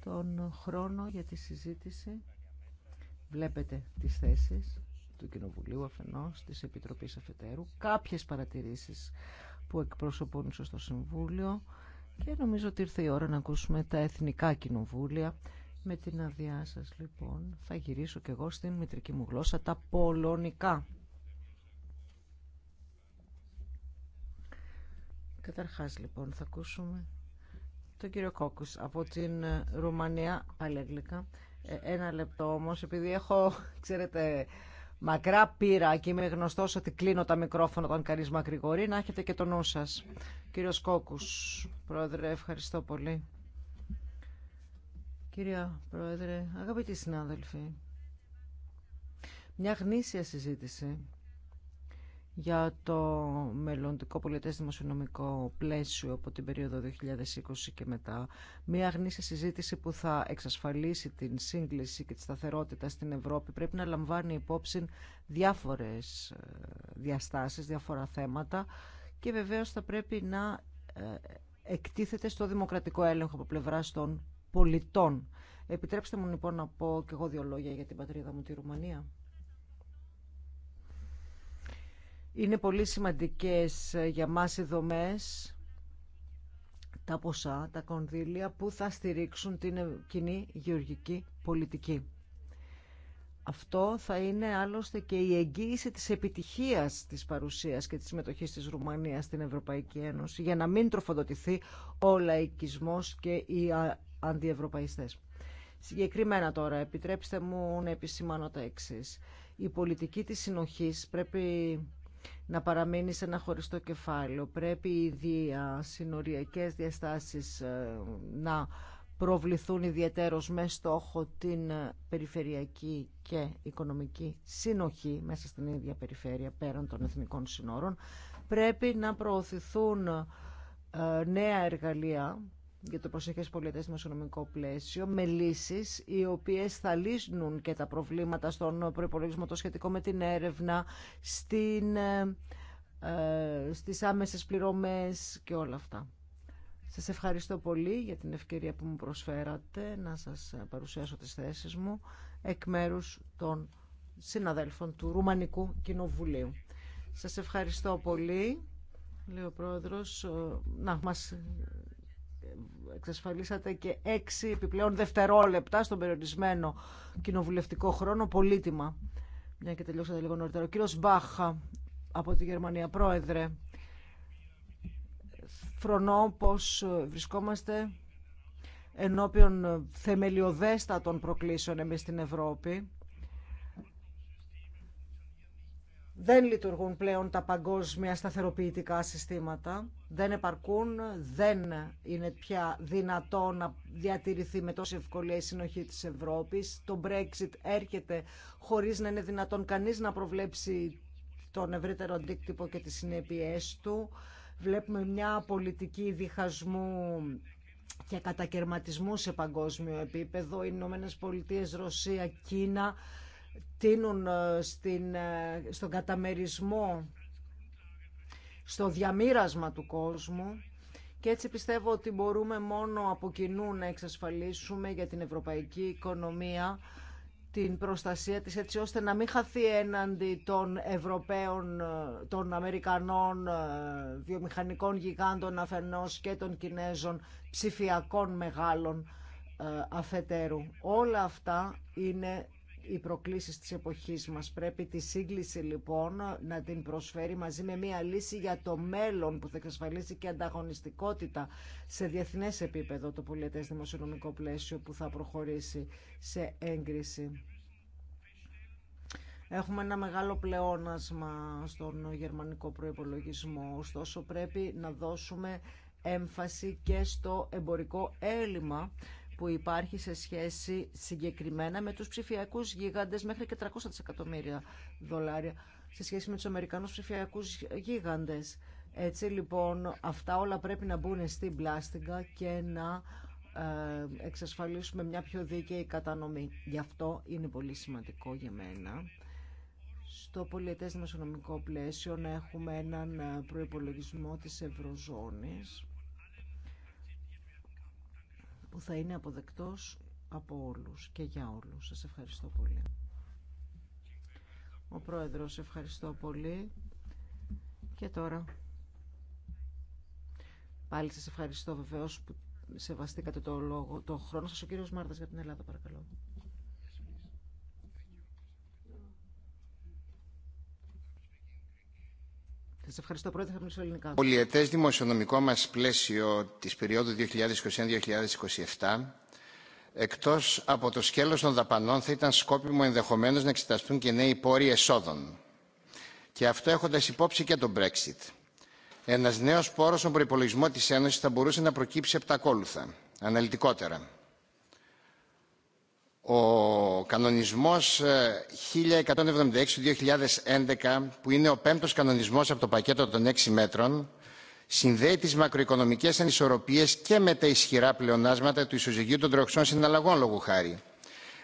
τον χρόνο για τη συζήτηση. Βλέπετε τις θέσεις του Κοινοβουλίου αφενός, της Επιτροπής Αφετέρου, κάποιες παρατηρήσεις που εκπροσωπούν στο Συμβούλιο και νομίζω ότι ήρθε η ώρα να ακούσουμε τα Εθνικά Κοινοβούλια. Με την αδειά λοιπόν θα γυρίσω και εγώ στην μητρική μου γλώσσα τα πολωνικά. Καταρχάς λοιπόν θα ακούσουμε τον κύριο από την ε, Ρουμανία, πάλι ε, Ένα λεπτό όμως, επειδή έχω, ξέρετε, μακρά πείρα και είμαι γνωστό ότι κλείνω τα μικρόφωνα όταν κανεί μακρηγορεί. Να έχετε και το νου σα. Κύριο Κόκου, Πρόεδρε, ευχαριστώ πολύ. Κυρία Πρόεδρε, αγαπητοί συνάδελφοι, μια γνήσια συζήτηση για το μελλοντικό πολιτέ δημοσιονομικό πλαίσιο από την περίοδο 2020 και μετά. Μία αγνήσια συζήτηση που θα εξασφαλίσει την σύγκληση και τη σταθερότητα στην Ευρώπη πρέπει να λαμβάνει υπόψη διάφορες ε, διαστάσεις, διάφορα θέματα και βεβαίως θα πρέπει να ε, εκτίθεται στο δημοκρατικό έλεγχο από πλευρά των πολιτών. Επιτρέψτε μου λοιπόν να πω και εγώ δύο λόγια για την πατρίδα μου, τη Ρουμανία. Είναι πολύ σημαντικές ε, για μας οι δομές, τα ποσά, τα κονδύλια που θα στηρίξουν την ε, κοινή γεωργική πολιτική. Αυτό θα είναι άλλωστε και η εγγύηση της επιτυχίας της παρουσίας και της συμμετοχής της Ρουμανίας στην Ευρωπαϊκή Ένωση για να μην τροφοδοτηθεί ο λαϊκισμός και οι αντιευρωπαϊστές. Συγκεκριμένα τώρα, επιτρέψτε μου να επισημάνω τα εξής. Η πολιτική της συνοχής πρέπει να παραμείνει σε ένα χωριστό κεφάλαιο. Πρέπει οι συνοριακές διαστάσεις ε, να προβληθούν ιδιαίτερως με στόχο την περιφερειακή και οικονομική συνοχή μέσα στην ίδια περιφέρεια πέραν των εθνικών συνόρων. Πρέπει να προωθηθούν ε, νέα εργαλεία για το προσεχές πολιτές δημοσιονομικό πλαίσιο με λύσεις οι οποίες θα λύσουν και τα προβλήματα στον προπολογισμό το σχετικό με την έρευνα, στην, ε, ε, στις άμεσες πληρωμές και όλα αυτά. Σας ευχαριστώ πολύ για την ευκαιρία που μου προσφέρατε να σας παρουσιάσω τις θέσεις μου εκ μέρους των συναδέλφων του Ρουμανικού Κοινοβουλίου. Σας ευχαριστώ πολύ, λέει ο Να, μας εξασφαλίσατε και έξι επιπλέον δευτερόλεπτα στον περιορισμένο κοινοβουλευτικό χρόνο. Πολύτιμα. Μια και τελειώσατε λίγο νωρίτερα. Ο κύριος Μπάχα από τη Γερμανία, πρόεδρε. Φρονώ πως βρισκόμαστε ενώπιον θεμελιωδέστατων προκλήσεων εμείς στην Ευρώπη Δεν λειτουργούν πλέον τα παγκόσμια σταθεροποιητικά συστήματα. Δεν επαρκούν, δεν είναι πια δυνατό να διατηρηθεί με τόση ευκολία η συνοχή της Ευρώπης. Το Brexit έρχεται χωρίς να είναι δυνατόν κανείς να προβλέψει τον ευρύτερο αντίκτυπο και τις συνέπειές του. Βλέπουμε μια πολιτική διχασμού και κατακαιρματισμού σε παγκόσμιο επίπεδο. Οι Ηνωμένε Πολιτείες, Ρωσία, Κίνα τίνουν ε, στην, ε, στον καταμερισμό, στο διαμήρασμα του κόσμου και έτσι πιστεύω ότι μπορούμε μόνο από κοινού να εξασφαλίσουμε για την ευρωπαϊκή οικονομία την προστασία της έτσι ώστε να μην χαθεί έναντι των Ευρωπαίων, ε, των Αμερικανών βιομηχανικών γιγάντων αφενός και των Κινέζων ψηφιακών μεγάλων αφετέρου. Όλα αυτά είναι οι προκλήσεις της εποχής μας. Πρέπει τη σύγκληση λοιπόν να την προσφέρει μαζί με μια λύση για το μέλλον που θα εξασφαλίσει και ανταγωνιστικότητα σε διεθνές επίπεδο το πολιτές δημοσιονομικό πλαίσιο που θα προχωρήσει σε έγκριση. Έχουμε ένα μεγάλο πλεόνασμα στον γερμανικό προϋπολογισμό, ωστόσο πρέπει να δώσουμε έμφαση και στο εμπορικό έλλειμμα που υπάρχει σε σχέση συγκεκριμένα με τους ψηφιακούς γίγαντες μέχρι και 300 δισεκατομμύρια δολάρια σε σχέση με τους Αμερικανούς ψηφιακούς γίγαντες. Έτσι λοιπόν αυτά όλα πρέπει να μπουν στην πλάστιγκα και να ε, εξασφαλίσουμε μια πιο δίκαιη κατανομή. Γι' αυτό είναι πολύ σημαντικό για μένα στο πολιετές δημοσιονομικό πλαίσιο να έχουμε έναν ε, προϋπολογισμό της Ευρωζώνης που θα είναι αποδεκτός από όλους και για όλους. Σας ευχαριστώ πολύ. Ο Πρόεδρος, ευχαριστώ πολύ. Και τώρα... Πάλι σας ευχαριστώ βεβαίως που σεβαστήκατε το, λόγο, το χρόνο σας. Ο κύριος Μάρτας για την Ελλάδα, παρακαλώ. Σα ευχαριστώ, Πρόεδρε. Θα μιλήσω ελληνικά. πολιετέ δημοσιονομικό μα πλαίσιο τη περίοδου 2021-2027, εκτό από το σκέλο των δαπανών, θα ήταν σκόπιμο ενδεχομένω να εξεταστούν και νέοι πόροι εσόδων. Και αυτό έχοντα υπόψη και τον Brexit. Ένα νέο πόρο στον προπολογισμό τη Ένωση θα μπορούσε να προκύψει από τα ακόλουθα. Αναλυτικότερα ο κανονισμός 1176-2011, ε, που είναι ο πέμπτος κανονισμός από το πακέτο των έξι μέτρων, συνδέει τις μακροοικονομικές ανισορροπίες και με τα ισχυρά πλεονάσματα του ισοζυγίου των τροξών συναλλαγών λόγου χάρη.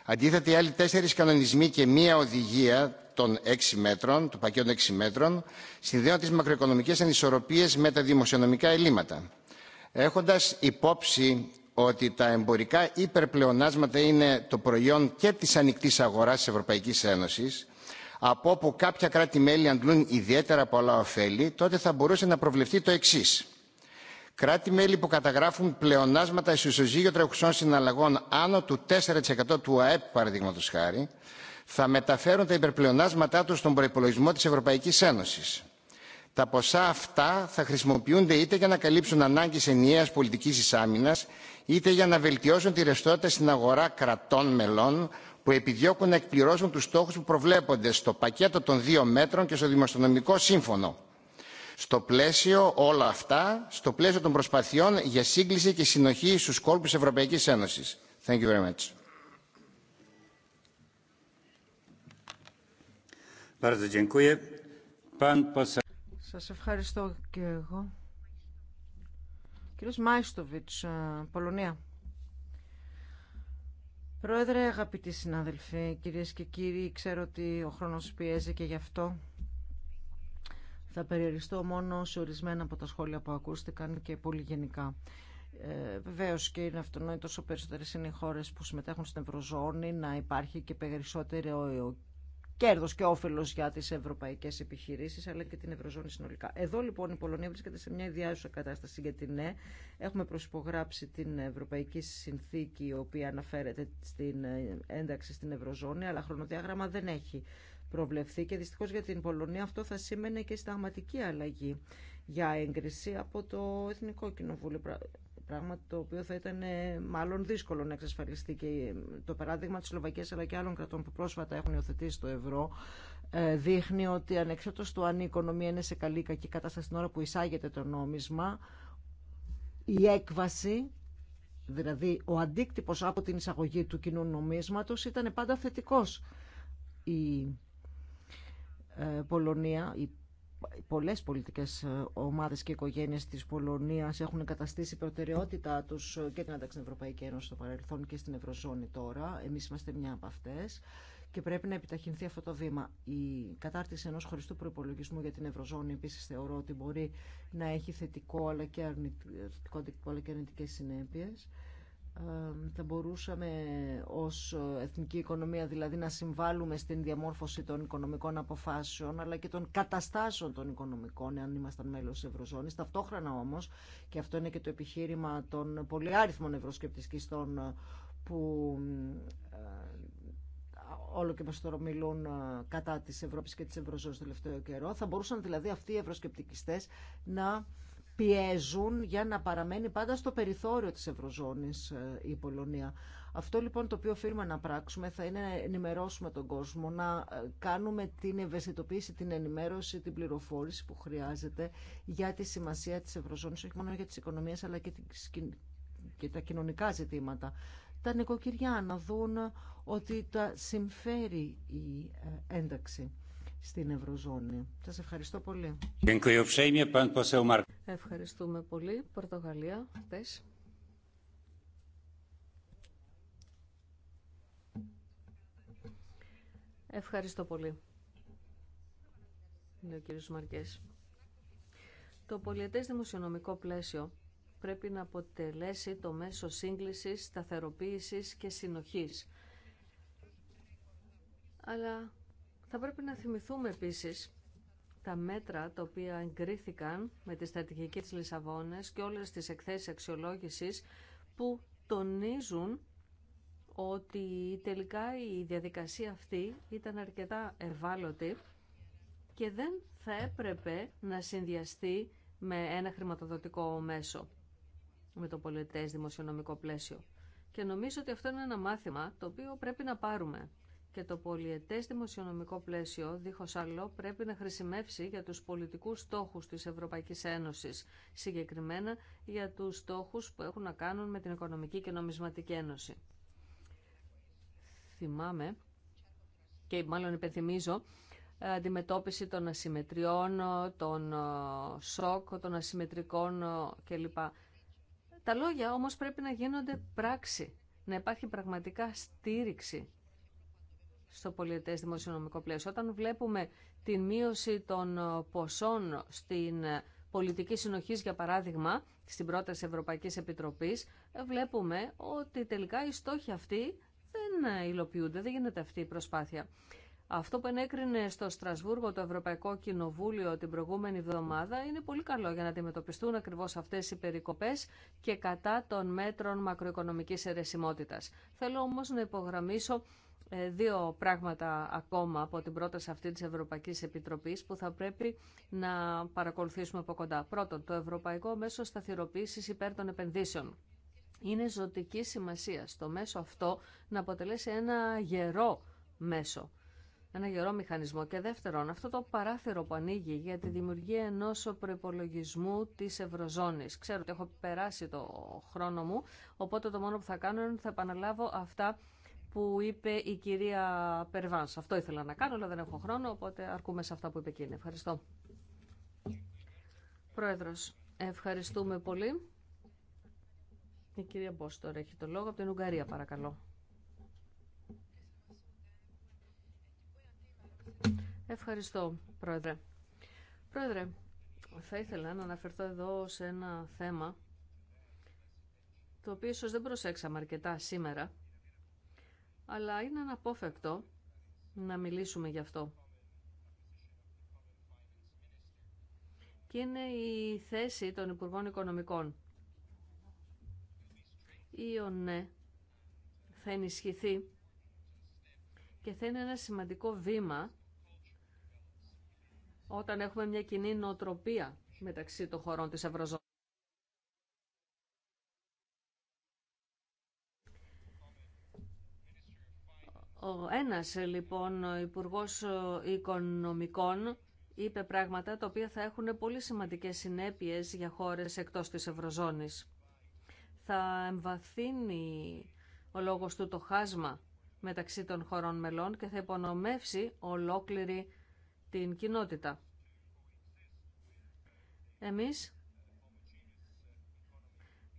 Αντίθετα, οι άλλοι τέσσερις κανονισμοί και μία οδηγία των έξι μέτρων, του πακέτου των 6 μέτρων, συνδέουν τις μακροοικονομικές ανισορροπίες με τα δημοσιονομικά ελλείμματα. Έχοντας υπόψη ότι τα εμπορικά υπερπλεονάσματα είναι το προϊόν και της ανοιχτής αγοράς της Ευρωπαϊκής Ένωσης, από όπου κάποια κράτη-μέλη αντλούν ιδιαίτερα πολλά ωφέλη, τότε θα μπορούσε να προβλεφθεί το εξή. Κράτη-μέλη που καταγράφουν πλεονάσματα στο ισοζύγιο τρέχουσών συναλλαγών άνω του 4% του ΑΕΠ, παραδείγματο χάρη, θα μεταφέρουν τα υπερπλεονάσματά του στον προπολογισμό τη Ευρωπαϊκή Ένωση. Τα ποσά αυτά θα χρησιμοποιούνται είτε για να καλύψουν ανάγκε ενιαία πολιτική είτε για να βελτιώσουν τη ρευστότητα στην αγορά κρατών μελών που επιδιώκουν να εκπληρώσουν τους στόχους που προβλέπονται στο πακέτο των δύο μέτρων και στο δημοσιονομικό σύμφωνο. Στο πλαίσιο όλα αυτά, στο πλαίσιο των προσπαθειών για σύγκληση και συνοχή στους κόλπους Ευρωπαϊκής Ένωσης. Thank you very much. Σας ευχαριστώ και εγώ. Κύριος Μάιστοβιτς, ε, Πολωνία. Πρόεδρε, αγαπητοί συνάδελφοι, κυρίες και κύριοι, ξέρω ότι ο χρόνος πιέζει και γι' αυτό θα περιοριστώ μόνο σε ορισμένα από τα σχόλια που ακούστηκαν και πολύ γενικά. Ε, Βεβαίω και είναι αυτονόητο όσο περισσότερε είναι οι χώρε που συμμετέχουν στην Ευρωζώνη να υπάρχει και περισσότερο Κέρδο και όφελο για τις ευρωπαϊκές επιχειρήσεις αλλά και την Ευρωζώνη συνολικά. Εδώ λοιπόν η Πολωνία βρίσκεται σε μια ιδιάζουσα κατάσταση γιατί ναι, έχουμε προσυπογράψει την Ευρωπαϊκή Συνθήκη η οποία αναφέρεται στην ε, ένταξη στην Ευρωζώνη αλλά χρονοδιάγραμμα δεν έχει προβλεφθεί και δυστυχώς για την Πολωνία αυτό θα σήμαινε και σταγματική αλλαγή για έγκριση από το Εθνικό Κοινοβούλιο Πράγμα το οποίο θα ήταν ε, μάλλον δύσκολο να εξασφαλιστεί και ε, το παράδειγμα της Σλοβακίας αλλά και άλλων κρατών που πρόσφατα έχουν υιοθετήσει το ευρώ ε, δείχνει ότι ανεξάρτητος του αν η οικονομία είναι σε καλή ή κακή κατάσταση την ώρα που εισάγεται το νόμισμα η έκβαση δηλαδή ο αντίκτυπος από την εισαγωγή του κοινού νομίσματος ήταν πάντα θετικός. Η Πολωνία, η πολλές πολιτικές ε, ομάδες και οικογένειες της Πολωνίας έχουν καταστήσει προτεραιότητά τους ε, και την ανταξη Ευρωπαϊκή Ένωση στο παρελθόν και στην Ευρωζώνη τώρα. Εμείς είμαστε μια από αυτές και πρέπει να επιταχυνθεί αυτό το βήμα. Η κατάρτιση ενός χωριστού προϋπολογισμού για την Ευρωζώνη επίσης θεωρώ ότι μπορεί να έχει θετικό αλλά και, αλλά και αρνητικές συνέπειες θα μπορούσαμε ως εθνική οικονομία δηλαδή να συμβάλλουμε στην διαμόρφωση των οικονομικών αποφάσεων αλλά και των καταστάσεων των οικονομικών εάν ήμασταν μέλος της Ευρωζώνης. Ταυτόχρονα όμως, και αυτό είναι και το επιχείρημα των πολυάριθμων ευρωσκεπτιστών που ε, όλο και τώρα μιλούν ε, κατά της Ευρώπης και της Ευρωζώνης τελευταίο καιρό, θα μπορούσαν δηλαδή αυτοί οι ευρωσκεπτικιστές να πιέζουν για να παραμένει πάντα στο περιθώριο της Ευρωζώνης ε, η Πολωνία. Αυτό λοιπόν το οποίο οφείλουμε να πράξουμε θα είναι να ενημερώσουμε τον κόσμο, να ε, κάνουμε την ευαισθητοποίηση, την ενημέρωση, την πληροφόρηση που χρειάζεται για τη σημασία της Ευρωζώνης, όχι μόνο για τις οικονομίες αλλά και τα κοινωνικά ζητήματα. Τα νοικοκυριά να δουν ότι τα συμφέρει η ε, ένταξη στην Ευρωζώνη. Σα ευχαριστώ πολύ. Ευχαριστούμε πολύ. Πορτογαλία, πες. Ευχαριστώ πολύ. Είναι ο κύριος Μαρκές. Το πολιετές δημοσιονομικό πλαίσιο πρέπει να αποτελέσει το μέσο σύγκλησης, σταθεροποίηση και συνοχής. Αλλά θα πρέπει να θυμηθούμε επίσης τα μέτρα τα οποία εγκρίθηκαν με τη στρατηγική της Λισαβόνα και όλες τις εκθέσεις αξιολόγησης που τονίζουν ότι τελικά η διαδικασία αυτή ήταν αρκετά ευάλωτη και δεν θα έπρεπε να συνδυαστεί με ένα χρηματοδοτικό μέσο, με το πολιτές δημοσιονομικό πλαίσιο. Και νομίζω ότι αυτό είναι ένα μάθημα το οποίο πρέπει να πάρουμε και το πολιετές δημοσιονομικό πλαίσιο, δίχως άλλο, πρέπει να χρησιμεύσει για τους πολιτικούς στόχους της Ευρωπαϊκής Ένωσης, συγκεκριμένα για τους στόχους που έχουν να κάνουν με την Οικονομική και Νομισματική Ένωση. Θυμάμαι και μάλλον υπενθυμίζω αντιμετώπιση των ασυμμετριών, των ε, σοκ, των ασυμμετρικών ε, κλπ. Τα λόγια όμως πρέπει να γίνονται πράξη, να υπάρχει πραγματικά στήριξη στο πολιτές δημοσιονομικό πλαίσιο. Όταν βλέπουμε την μείωση των ποσών στην πολιτική συνοχής, για παράδειγμα, στην πρόταση Ευρωπαϊκής Επιτροπής, βλέπουμε ότι τελικά οι στόχοι αυτοί δεν υλοποιούνται, δεν γίνεται αυτή η προσπάθεια. Αυτό που ενέκρινε στο Στρασβούργο το Ευρωπαϊκό Κοινοβούλιο την προηγούμενη εβδομάδα είναι πολύ καλό για να αντιμετωπιστούν ακριβώ αυτέ οι περικοπέ και κατά των μέτρων μακροοικονομική αιρεσιμότητα. Θέλω όμω να υπογραμμίσω ε, δύο πράγματα ακόμα από την πρόταση αυτή της Ευρωπαϊκής Επιτροπής που θα πρέπει να παρακολουθήσουμε από κοντά. Πρώτον, το Ευρωπαϊκό Μέσο Σταθεροποίησης υπέρ των επενδύσεων. Είναι ζωτική σημασία στο μέσο αυτό να αποτελέσει ένα γερό μέσο, ένα γερό μηχανισμό. Και δεύτερον, αυτό το παράθυρο που ανοίγει για τη δημιουργία ενός προπολογισμού της Ευρωζώνης. Ξέρω ότι έχω περάσει το χρόνο μου, οπότε το μόνο που θα κάνω είναι θα επαναλάβω αυτά που είπε η κυρία Περβάνς. Αυτό ήθελα να κάνω, αλλά δεν έχω χρόνο, οπότε αρκούμε σε αυτά που είπε εκείνη. Ευχαριστώ. Πρόεδρος, ευχαριστούμε πολύ. Η κυρία Μπός έχει το λόγο από την Ουγγαρία, παρακαλώ. Ευχαριστώ, Πρόεδρε. Πρόεδρε, θα ήθελα να αναφερθώ εδώ σε ένα θέμα το οποίο ίσως δεν προσέξαμε αρκετά σήμερα αλλά είναι αναπόφευκτο να μιλήσουμε γι' αυτό. Και είναι η θέση των Υπουργών Οικονομικών. Η ναι θα ενισχυθεί και θα είναι ένα σημαντικό βήμα όταν έχουμε μια κοινή νοοτροπία μεταξύ των χωρών της Ευρωζώνης. Ο ένας λοιπόν ο Υπουργός Οικονομικών είπε πράγματα τα οποία θα έχουν πολύ σημαντικές συνέπειες για χώρες εκτός της Ευρωζώνης. Θα εμβαθύνει ο λόγος του το χάσμα μεταξύ των χωρών μελών και θα υπονομεύσει ολόκληρη την κοινότητα. Εμείς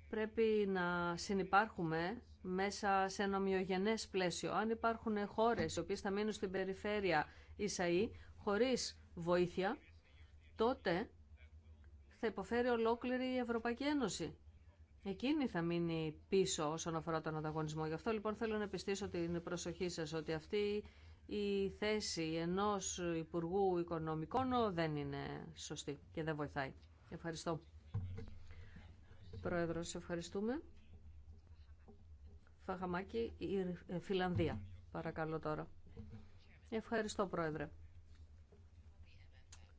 πρέπει να συνυπάρχουμε μέσα σε νομιογενές πλαίσιο. Αν υπάρχουν χώρες οι οποίες θα μείνουν στην περιφέρεια Ισαΐ χωρίς βοήθεια, τότε θα υποφέρει ολόκληρη η Ευρωπαϊκή Ένωση. Εκείνη θα μείνει πίσω όσον αφορά τον ανταγωνισμό. Γι' αυτό λοιπόν θέλω να επιστήσω την προσοχή σας ότι αυτή η θέση ενός Υπουργού Οικονομικών δεν είναι σωστή και δεν βοηθάει. Ευχαριστώ. Πρόεδρος, ευχαριστούμε. Φαγαμάκη, η Φιλανδία. Παρακαλώ τώρα. Ευχαριστώ, Πρόεδρε.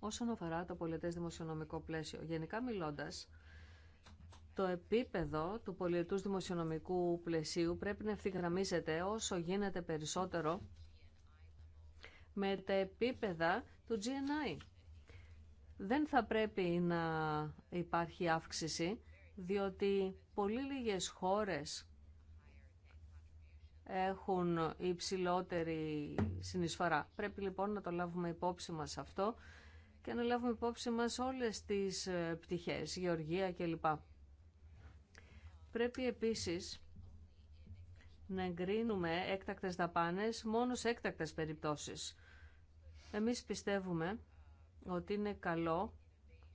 Όσον αφορά το πολιτέ δημοσιονομικό πλαίσιο, γενικά μιλώντας, το επίπεδο του πολιτούς δημοσιονομικού πλαισίου πρέπει να ευθυγραμμίζεται όσο γίνεται περισσότερο με τα επίπεδα του GNI. Δεν θα πρέπει να υπάρχει αύξηση, διότι πολύ λίγες χώρες έχουν υψηλότερη συνεισφορά. Πρέπει λοιπόν να το λάβουμε υπόψη μας αυτό και να λάβουμε υπόψη μας όλες τις ε, πτυχές, γεωργία κλπ. Πρέπει επίσης να εγκρίνουμε έκτακτες δαπάνες μόνο σε έκτακτες περιπτώσεις. Εμείς πιστεύουμε ότι είναι καλό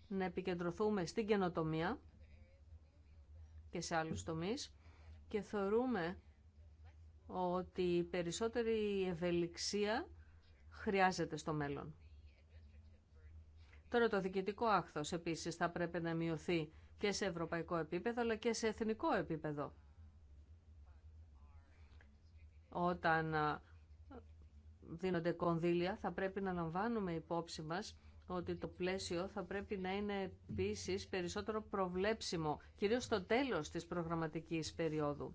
να επικεντρωθούμε στην καινοτομία και σε άλλους τομείς και θεωρούμε ότι περισσότερη ευελιξία χρειάζεται στο μέλλον. Τώρα το διοικητικό άχθος επίσης θα πρέπει να μειωθεί και σε ευρωπαϊκό επίπεδο αλλά και σε εθνικό επίπεδο. Όταν δίνονται κονδύλια θα πρέπει να λαμβάνουμε υπόψη μας ότι το πλαίσιο θα πρέπει να είναι επίσης περισσότερο προβλέψιμο, κυρίως στο τέλος της προγραμματικής περίοδου.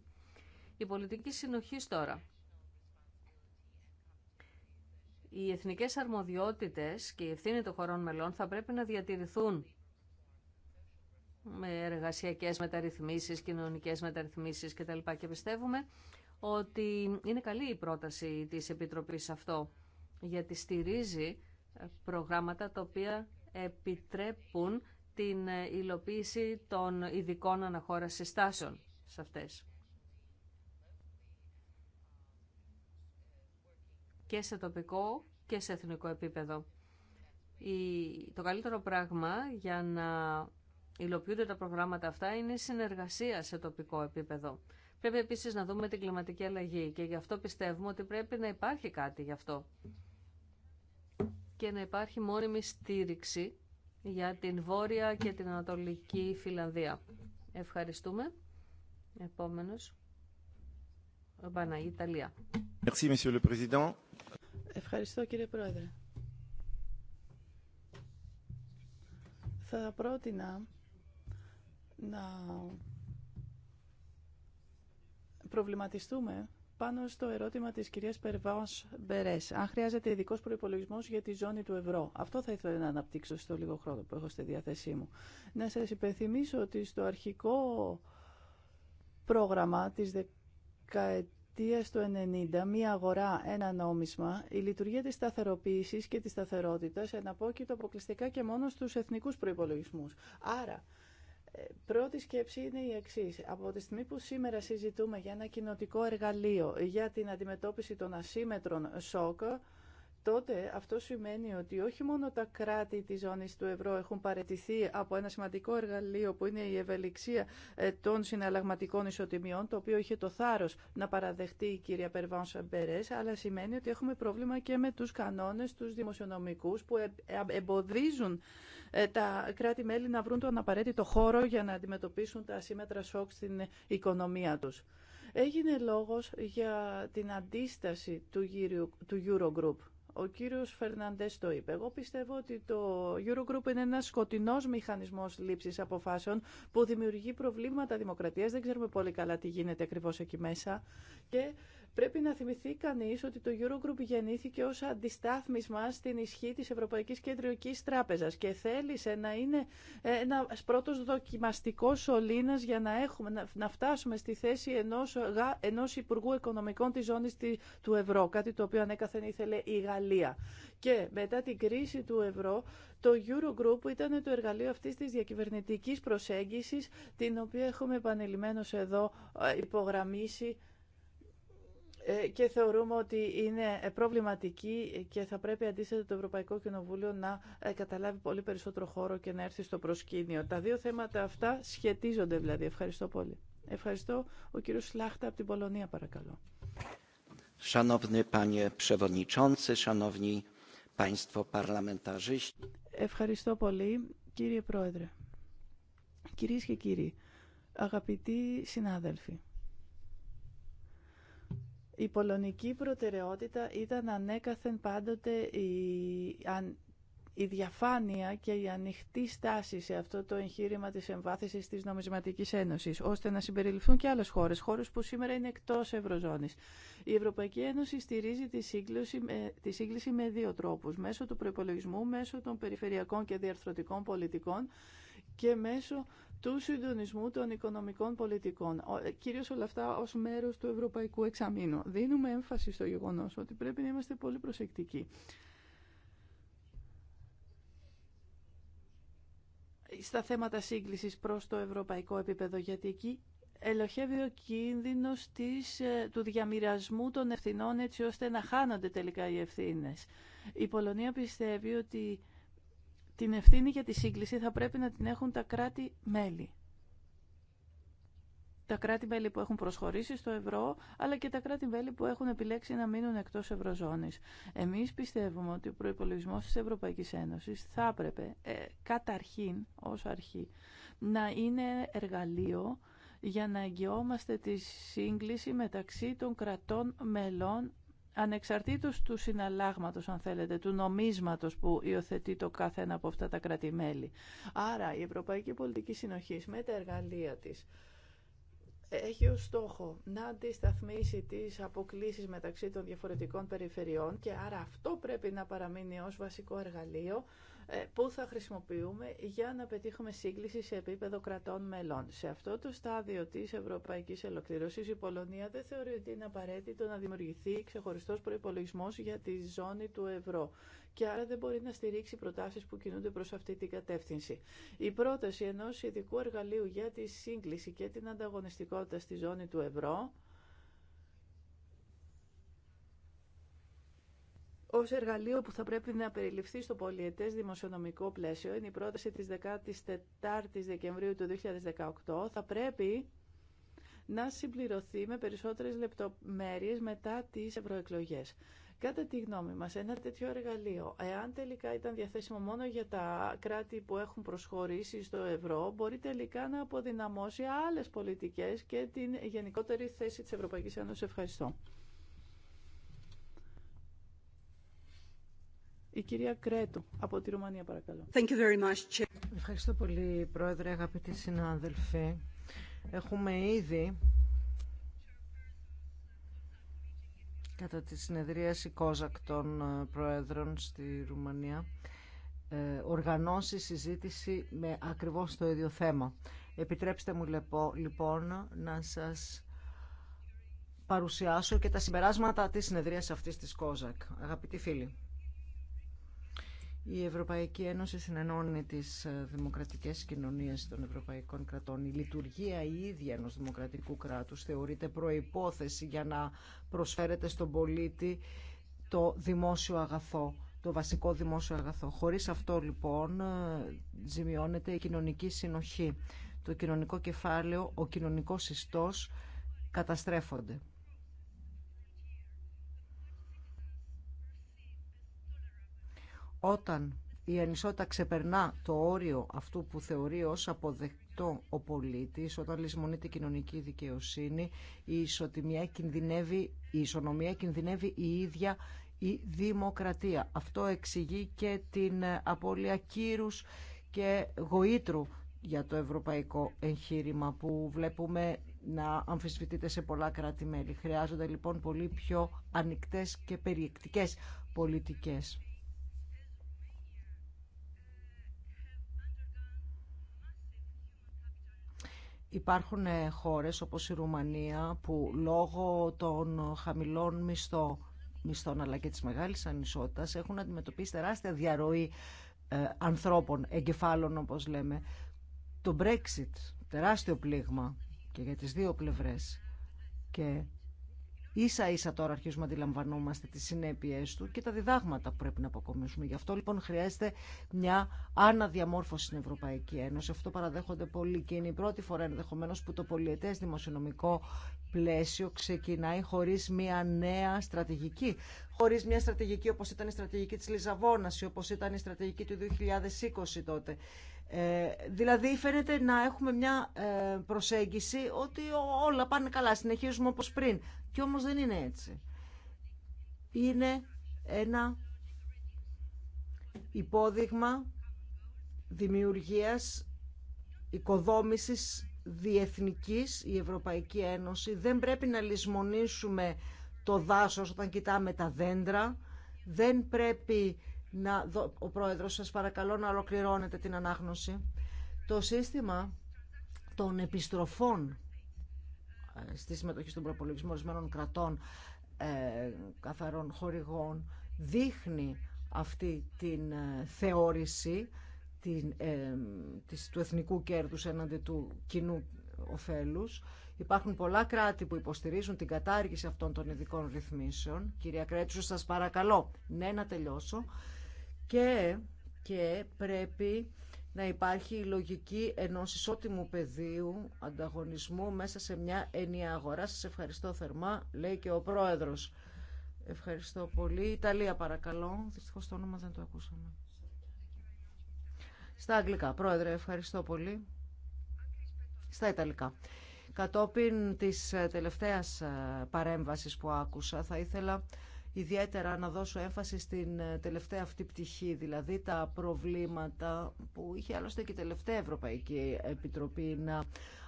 Η πολιτική συνοχή τώρα. Οι εθνικές αρμοδιότητες και η ευθύνη των χωρών μελών θα πρέπει να διατηρηθούν με εργασιακές μεταρρυθμίσεις, κοινωνικές μεταρρυθμίσεις κτλ. Και πιστεύουμε ότι είναι καλή η πρόταση της Επιτροπής αυτό, γιατί στηρίζει προγράμματα τα οποία επιτρέπουν την υλοποίηση των ειδικών αναχώρασης στάσεων σε αυτές. και σε τοπικό και σε εθνικό επίπεδο. Το καλύτερο πράγμα για να υλοποιούνται τα προγράμματα αυτά είναι η συνεργασία σε τοπικό επίπεδο. Πρέπει επίσης να δούμε την κλιματική αλλαγή και γι' αυτό πιστεύουμε ότι πρέπει να υπάρχει κάτι γι' αυτό και να υπάρχει μόνιμη στήριξη για την Βόρεια και την Ανατολική Φιλανδία. Ευχαριστούμε. Επόμενος. Ευχαριστώ κύριε Πρόεδρε. Θα πρότεινα να προβληματιστούμε πάνω στο ερώτημα της κυρίας Περβάος Μπερές. Αν χρειάζεται ειδικός προϋπολογισμός για τη ζώνη του ευρώ. Αυτό θα ήθελα να αναπτύξω στο λίγο χρόνο που έχω στη διάθεσή μου. Να σας υπενθυμίσω ότι στο αρχικό πρόγραμμα της δεκαετίας του 90 μία αγορά, ένα νόμισμα, η λειτουργία της σταθεροποίησης και της σταθερότητας εναπόκειται αποκλειστικά και μόνο στους εθνικούς προϋπολογισμούς. Άρα, ε, πρώτη σκέψη είναι η εξή. Από τη στιγμή που σήμερα συζητούμε για ένα κοινοτικό εργαλείο για την αντιμετώπιση των ασύμετρων σοκ, τότε αυτό σημαίνει ότι όχι μόνο τα κράτη της ζώνης του ευρώ έχουν παρετηθεί από ένα σημαντικό εργαλείο που είναι η ευελιξία ε, των συναλλαγματικών ισοτιμιών, το οποίο είχε το θάρρος να παραδεχτεί η κυρία Περβάν Μπερές, αλλά σημαίνει ότι έχουμε πρόβλημα και με τους κανόνες, τους δημοσιονομικούς που ε, ε, εμποδίζουν τα κράτη-μέλη να βρουν τον απαραίτητο χώρο για να αντιμετωπίσουν τα ασύμετρα σοκ στην οικονομία τους. Έγινε λόγος για την αντίσταση του Eurogroup ο κύριος Φερναντές το είπε. Εγώ πιστεύω ότι το Eurogroup είναι ένας σκοτεινός μηχανισμός λήψης αποφάσεων που δημιουργεί προβλήματα δημοκρατίας. Δεν ξέρουμε πολύ καλά τι γίνεται ακριβώς εκεί μέσα. Και Πρέπει να θυμηθεί κανεί ότι το Eurogroup γεννήθηκε ω αντιστάθμισμα στην ισχύ τη Ευρωπαϊκή Κεντρική Τράπεζα και θέλησε να είναι ένα πρώτο δοκιμαστικό σωλήνα για να, έχουμε, να φτάσουμε στη θέση ενό Υπουργού Οικονομικών τη ζώνη του ευρώ, κάτι το οποίο ανέκαθεν ήθελε η Γαλλία. Και μετά την κρίση του ευρώ, το Eurogroup ήταν το εργαλείο αυτή τη διακυβερνητική προσέγγισης, την οποία έχουμε επανειλημμένω εδώ ε, υπογραμμίσει ε, και θεωρούμε ότι είναι ε, προβληματική και θα πρέπει αντίστοιχα το Ευρωπαϊκό Κοινοβούλιο να ε, καταλάβει πολύ περισσότερο χώρο και να έρθει στο προσκήνιο. Τα δύο θέματα αυτά σχετίζονται δηλαδή. Ευχαριστώ πολύ. Ευχαριστώ. Ο κύριος Λάχτα από την Πολωνία παρακαλώ. Ευχαριστώ πολύ κύριε Πρόεδρε. κυρίε και κύριοι, αγαπητοί συνάδελφοι. Η πολωνική προτεραιότητα ήταν ανέκαθεν πάντοτε η, η διαφάνεια και η ανοιχτή στάση σε αυτό το εγχείρημα της εμβάθυσης της νομισματικής ένωσης, ώστε να συμπεριληφθούν και άλλες χώρες, χώρες που σήμερα είναι εκτός Ευρωζώνης. Η Ευρωπαϊκή Ένωση στηρίζει τη σύγκληση, με, τη σύγκληση με δύο τρόπους, μέσω του προϋπολογισμού, μέσω των περιφερειακών και διαρθρωτικών πολιτικών και μέσω του συντονισμού των οικονομικών πολιτικών. Κυρίως όλα αυτά ως μέρος του Ευρωπαϊκού Εξαμήνου. Δίνουμε έμφαση στο γεγονός ότι πρέπει να είμαστε πολύ προσεκτικοί. στα θέματα σύγκλησης προς το ευρωπαϊκό επίπεδο, γιατί εκεί ελοχεύει ο κίνδυνος της, ε, του διαμοιρασμού των ευθυνών έτσι ώστε να χάνονται τελικά οι ευθύνες. Η Πολωνία πιστεύει ότι την ευθύνη για τη σύγκληση θα πρέπει να την έχουν τα κράτη-μέλη. Τα κράτη-μέλη που έχουν προσχωρήσει στο ευρώ, αλλά και τα κράτη-μέλη που έχουν επιλέξει να μείνουν εκτός ευρωζώνης. Εμείς πιστεύουμε ότι ο προϋπολογισμός της Ευρωπαϊκής Ένωσης θα έπρεπε, ε, καταρχήν, ως αρχή, να είναι εργαλείο για να εγγυόμαστε τη σύγκληση μεταξύ των κρατών μελών ανεξαρτήτως του συναλλάγματος, αν θέλετε, του νομίσματος που υιοθετεί το κάθε ένα από αυτά τα κρατημέλη. Άρα η Ευρωπαϊκή Πολιτική Συνοχής με τα εργαλεία της έχει ως στόχο να αντισταθμίσει τις αποκλίσεις μεταξύ των διαφορετικών περιφερειών και άρα αυτό πρέπει να παραμείνει ως βασικό εργαλείο ε, που θα χρησιμοποιούμε για να πετύχουμε σύγκληση σε επίπεδο κρατών μελών. Σε αυτό το στάδιο της ευρωπαϊκής ελοκληρώσης η Πολωνία δεν θεωρεί ότι είναι απαραίτητο να δημιουργηθεί ξεχωριστός προϋπολογισμός για τη ζώνη του ευρώ και άρα δεν μπορεί να στηρίξει προτάσεις που κινούνται προς αυτή την κατεύθυνση. Η πρόταση ενός ειδικού εργαλείου για τη σύγκληση και την ανταγωνιστικότητα στη ζώνη του ευρώ Ω εργαλείο που θα πρέπει να περιληφθεί στο πολιετέ δημοσιονομικό πλαίσιο. Είναι η πρόταση της 14 η Δεκεμβρίου του 2018. Θα πρέπει να συμπληρωθεί με περισσότερες λεπτομέρειες μετά τις ευρωεκλογέ. Κατά τη γνώμη μας, ένα τέτοιο εργαλείο, εάν τελικά ήταν διαθέσιμο μόνο για τα κράτη που έχουν προσχωρήσει στο ευρώ, μπορεί τελικά να αποδυναμώσει άλλε πολιτικέ και την γενικότερη θέση τη Ευρωπαϊκή Ένωση. Ευχαριστώ. Η κυρία Κρέτου από τη Ρουμανία παρακαλώ. Ευχαριστώ πολύ πρόεδρε, αγαπητοί συνάδελφοι. Έχουμε ήδη κατά τη συνεδρίαση Κόζακ των ε, Προέδρων στη Ρουμανία ε, οργανώσει συζήτηση με ακριβώς το ίδιο θέμα. Επιτρέψτε μου λοιπόν να σας παρουσιάσω και τα συμπεράσματα της συνεδρίας αυτής της Κόζακ. Αγαπητοί φίλοι, η Ευρωπαϊκή Ένωση συνενώνει τις ε, δημοκρατικές κοινωνίες των ευρωπαϊκών κρατών. Η λειτουργία η ίδια ενός δημοκρατικού κράτους θεωρείται προϋπόθεση για να προσφέρεται στον πολίτη το δημόσιο αγαθό, το βασικό δημόσιο αγαθό. Χωρίς αυτό λοιπόν ε, ζημιώνεται η κοινωνική συνοχή. Το κοινωνικό κεφάλαιο, ο κοινωνικός ιστός καταστρέφονται. Όταν η ανισότητα ξεπερνά το όριο αυτού που θεωρεί ως αποδεκτό ο πολίτης, όταν λησμονείται η κοινωνική δικαιοσύνη, η, ισοτιμία κινδυνεύει, η ισονομία κινδυνεύει η ίδια η δημοκρατία. Αυτό εξηγεί και την απώλεια κύρους και γοήτρου για το ευρωπαϊκό εγχείρημα που βλέπουμε να αμφισβητείται σε πολλά κράτη-μέλη. Χρειάζονται λοιπόν πολύ πιο ανοιχτές και περιεκτικές πολιτικές. Υπάρχουν ε, χώρες όπως η Ρουμανία που λόγω των χαμηλών μισθών, μισθών αλλά και της μεγάλης ανισότητας έχουν αντιμετωπίσει τεράστια διαρροή ε, ανθρώπων, εγκεφάλων όπως λέμε. Το Brexit, τεράστιο πλήγμα και για τις δύο πλευρές. Και Ίσα ίσα τώρα αρχίζουμε να αντιλαμβανόμαστε τι συνέπειέ του και τα διδάγματα που πρέπει να αποκομίσουμε. Γι' αυτό λοιπόν χρειάζεται μια αναδιαμόρφωση στην Ευρωπαϊκή Ένωση. Αυτό παραδέχονται πολλοί και είναι η πρώτη φορά ενδεχομένω που το πολιετέ δημοσιονομικό πλαίσιο ξεκινάει χωρί μια νέα στρατηγική. Χωρί μια στρατηγική όπω ήταν η στρατηγική τη Λιζαβόνας ή όπως ήταν η στρατηγική του 2020 τότε. Ε, δηλαδή φαίνεται να έχουμε μια ε, προσέγγιση ότι όλα πάνε καλά, συνεχίζουμε όπως πριν. Κι όμως δεν είναι έτσι. Είναι ένα υπόδειγμα δημιουργίας οικοδόμησης διεθνικής η Ευρωπαϊκή Ένωση. Δεν πρέπει να λησμονήσουμε το δάσος όταν κοιτάμε τα δέντρα. Δεν πρέπει να... Ο Πρόεδρος, σας παρακαλώ να ολοκληρώνετε την ανάγνωση. Το σύστημα των επιστροφών στη συμμετοχή στον προπολογισμό ορισμένων κρατών ε, καθαρών χορηγών δείχνει αυτή την ε, θεώρηση την, ε, της, του εθνικού κέρδους έναντι του κοινού ωφέλους. Υπάρχουν πολλά κράτη που υποστηρίζουν την κατάργηση αυτών των ειδικών ρυθμίσεων. Κυρία Κρέτσου, σας παρακαλώ, ναι, να τελειώσω. Και, και πρέπει να υπάρχει η λογική ενός ισότιμου πεδίου ανταγωνισμού μέσα σε μια ενιαία αγορά. Σας ευχαριστώ θερμά, λέει και ο Πρόεδρος. Ευχαριστώ πολύ. Ιταλία παρακαλώ. Δυστυχώ το όνομα δεν το ακούσαμε. Στα αγγλικά. Πρόεδρε, ευχαριστώ πολύ. Στα ιταλικά. Κατόπιν της ε, τελευταίας ε, παρέμβασης που άκουσα, θα ήθελα ιδιαίτερα να δώσω έμφαση στην ε, τελευταία αυτή πτυχή, δηλαδή τα προβλήματα που είχε άλλωστε και η τελευταία Ευρωπαϊκή Επιτροπή να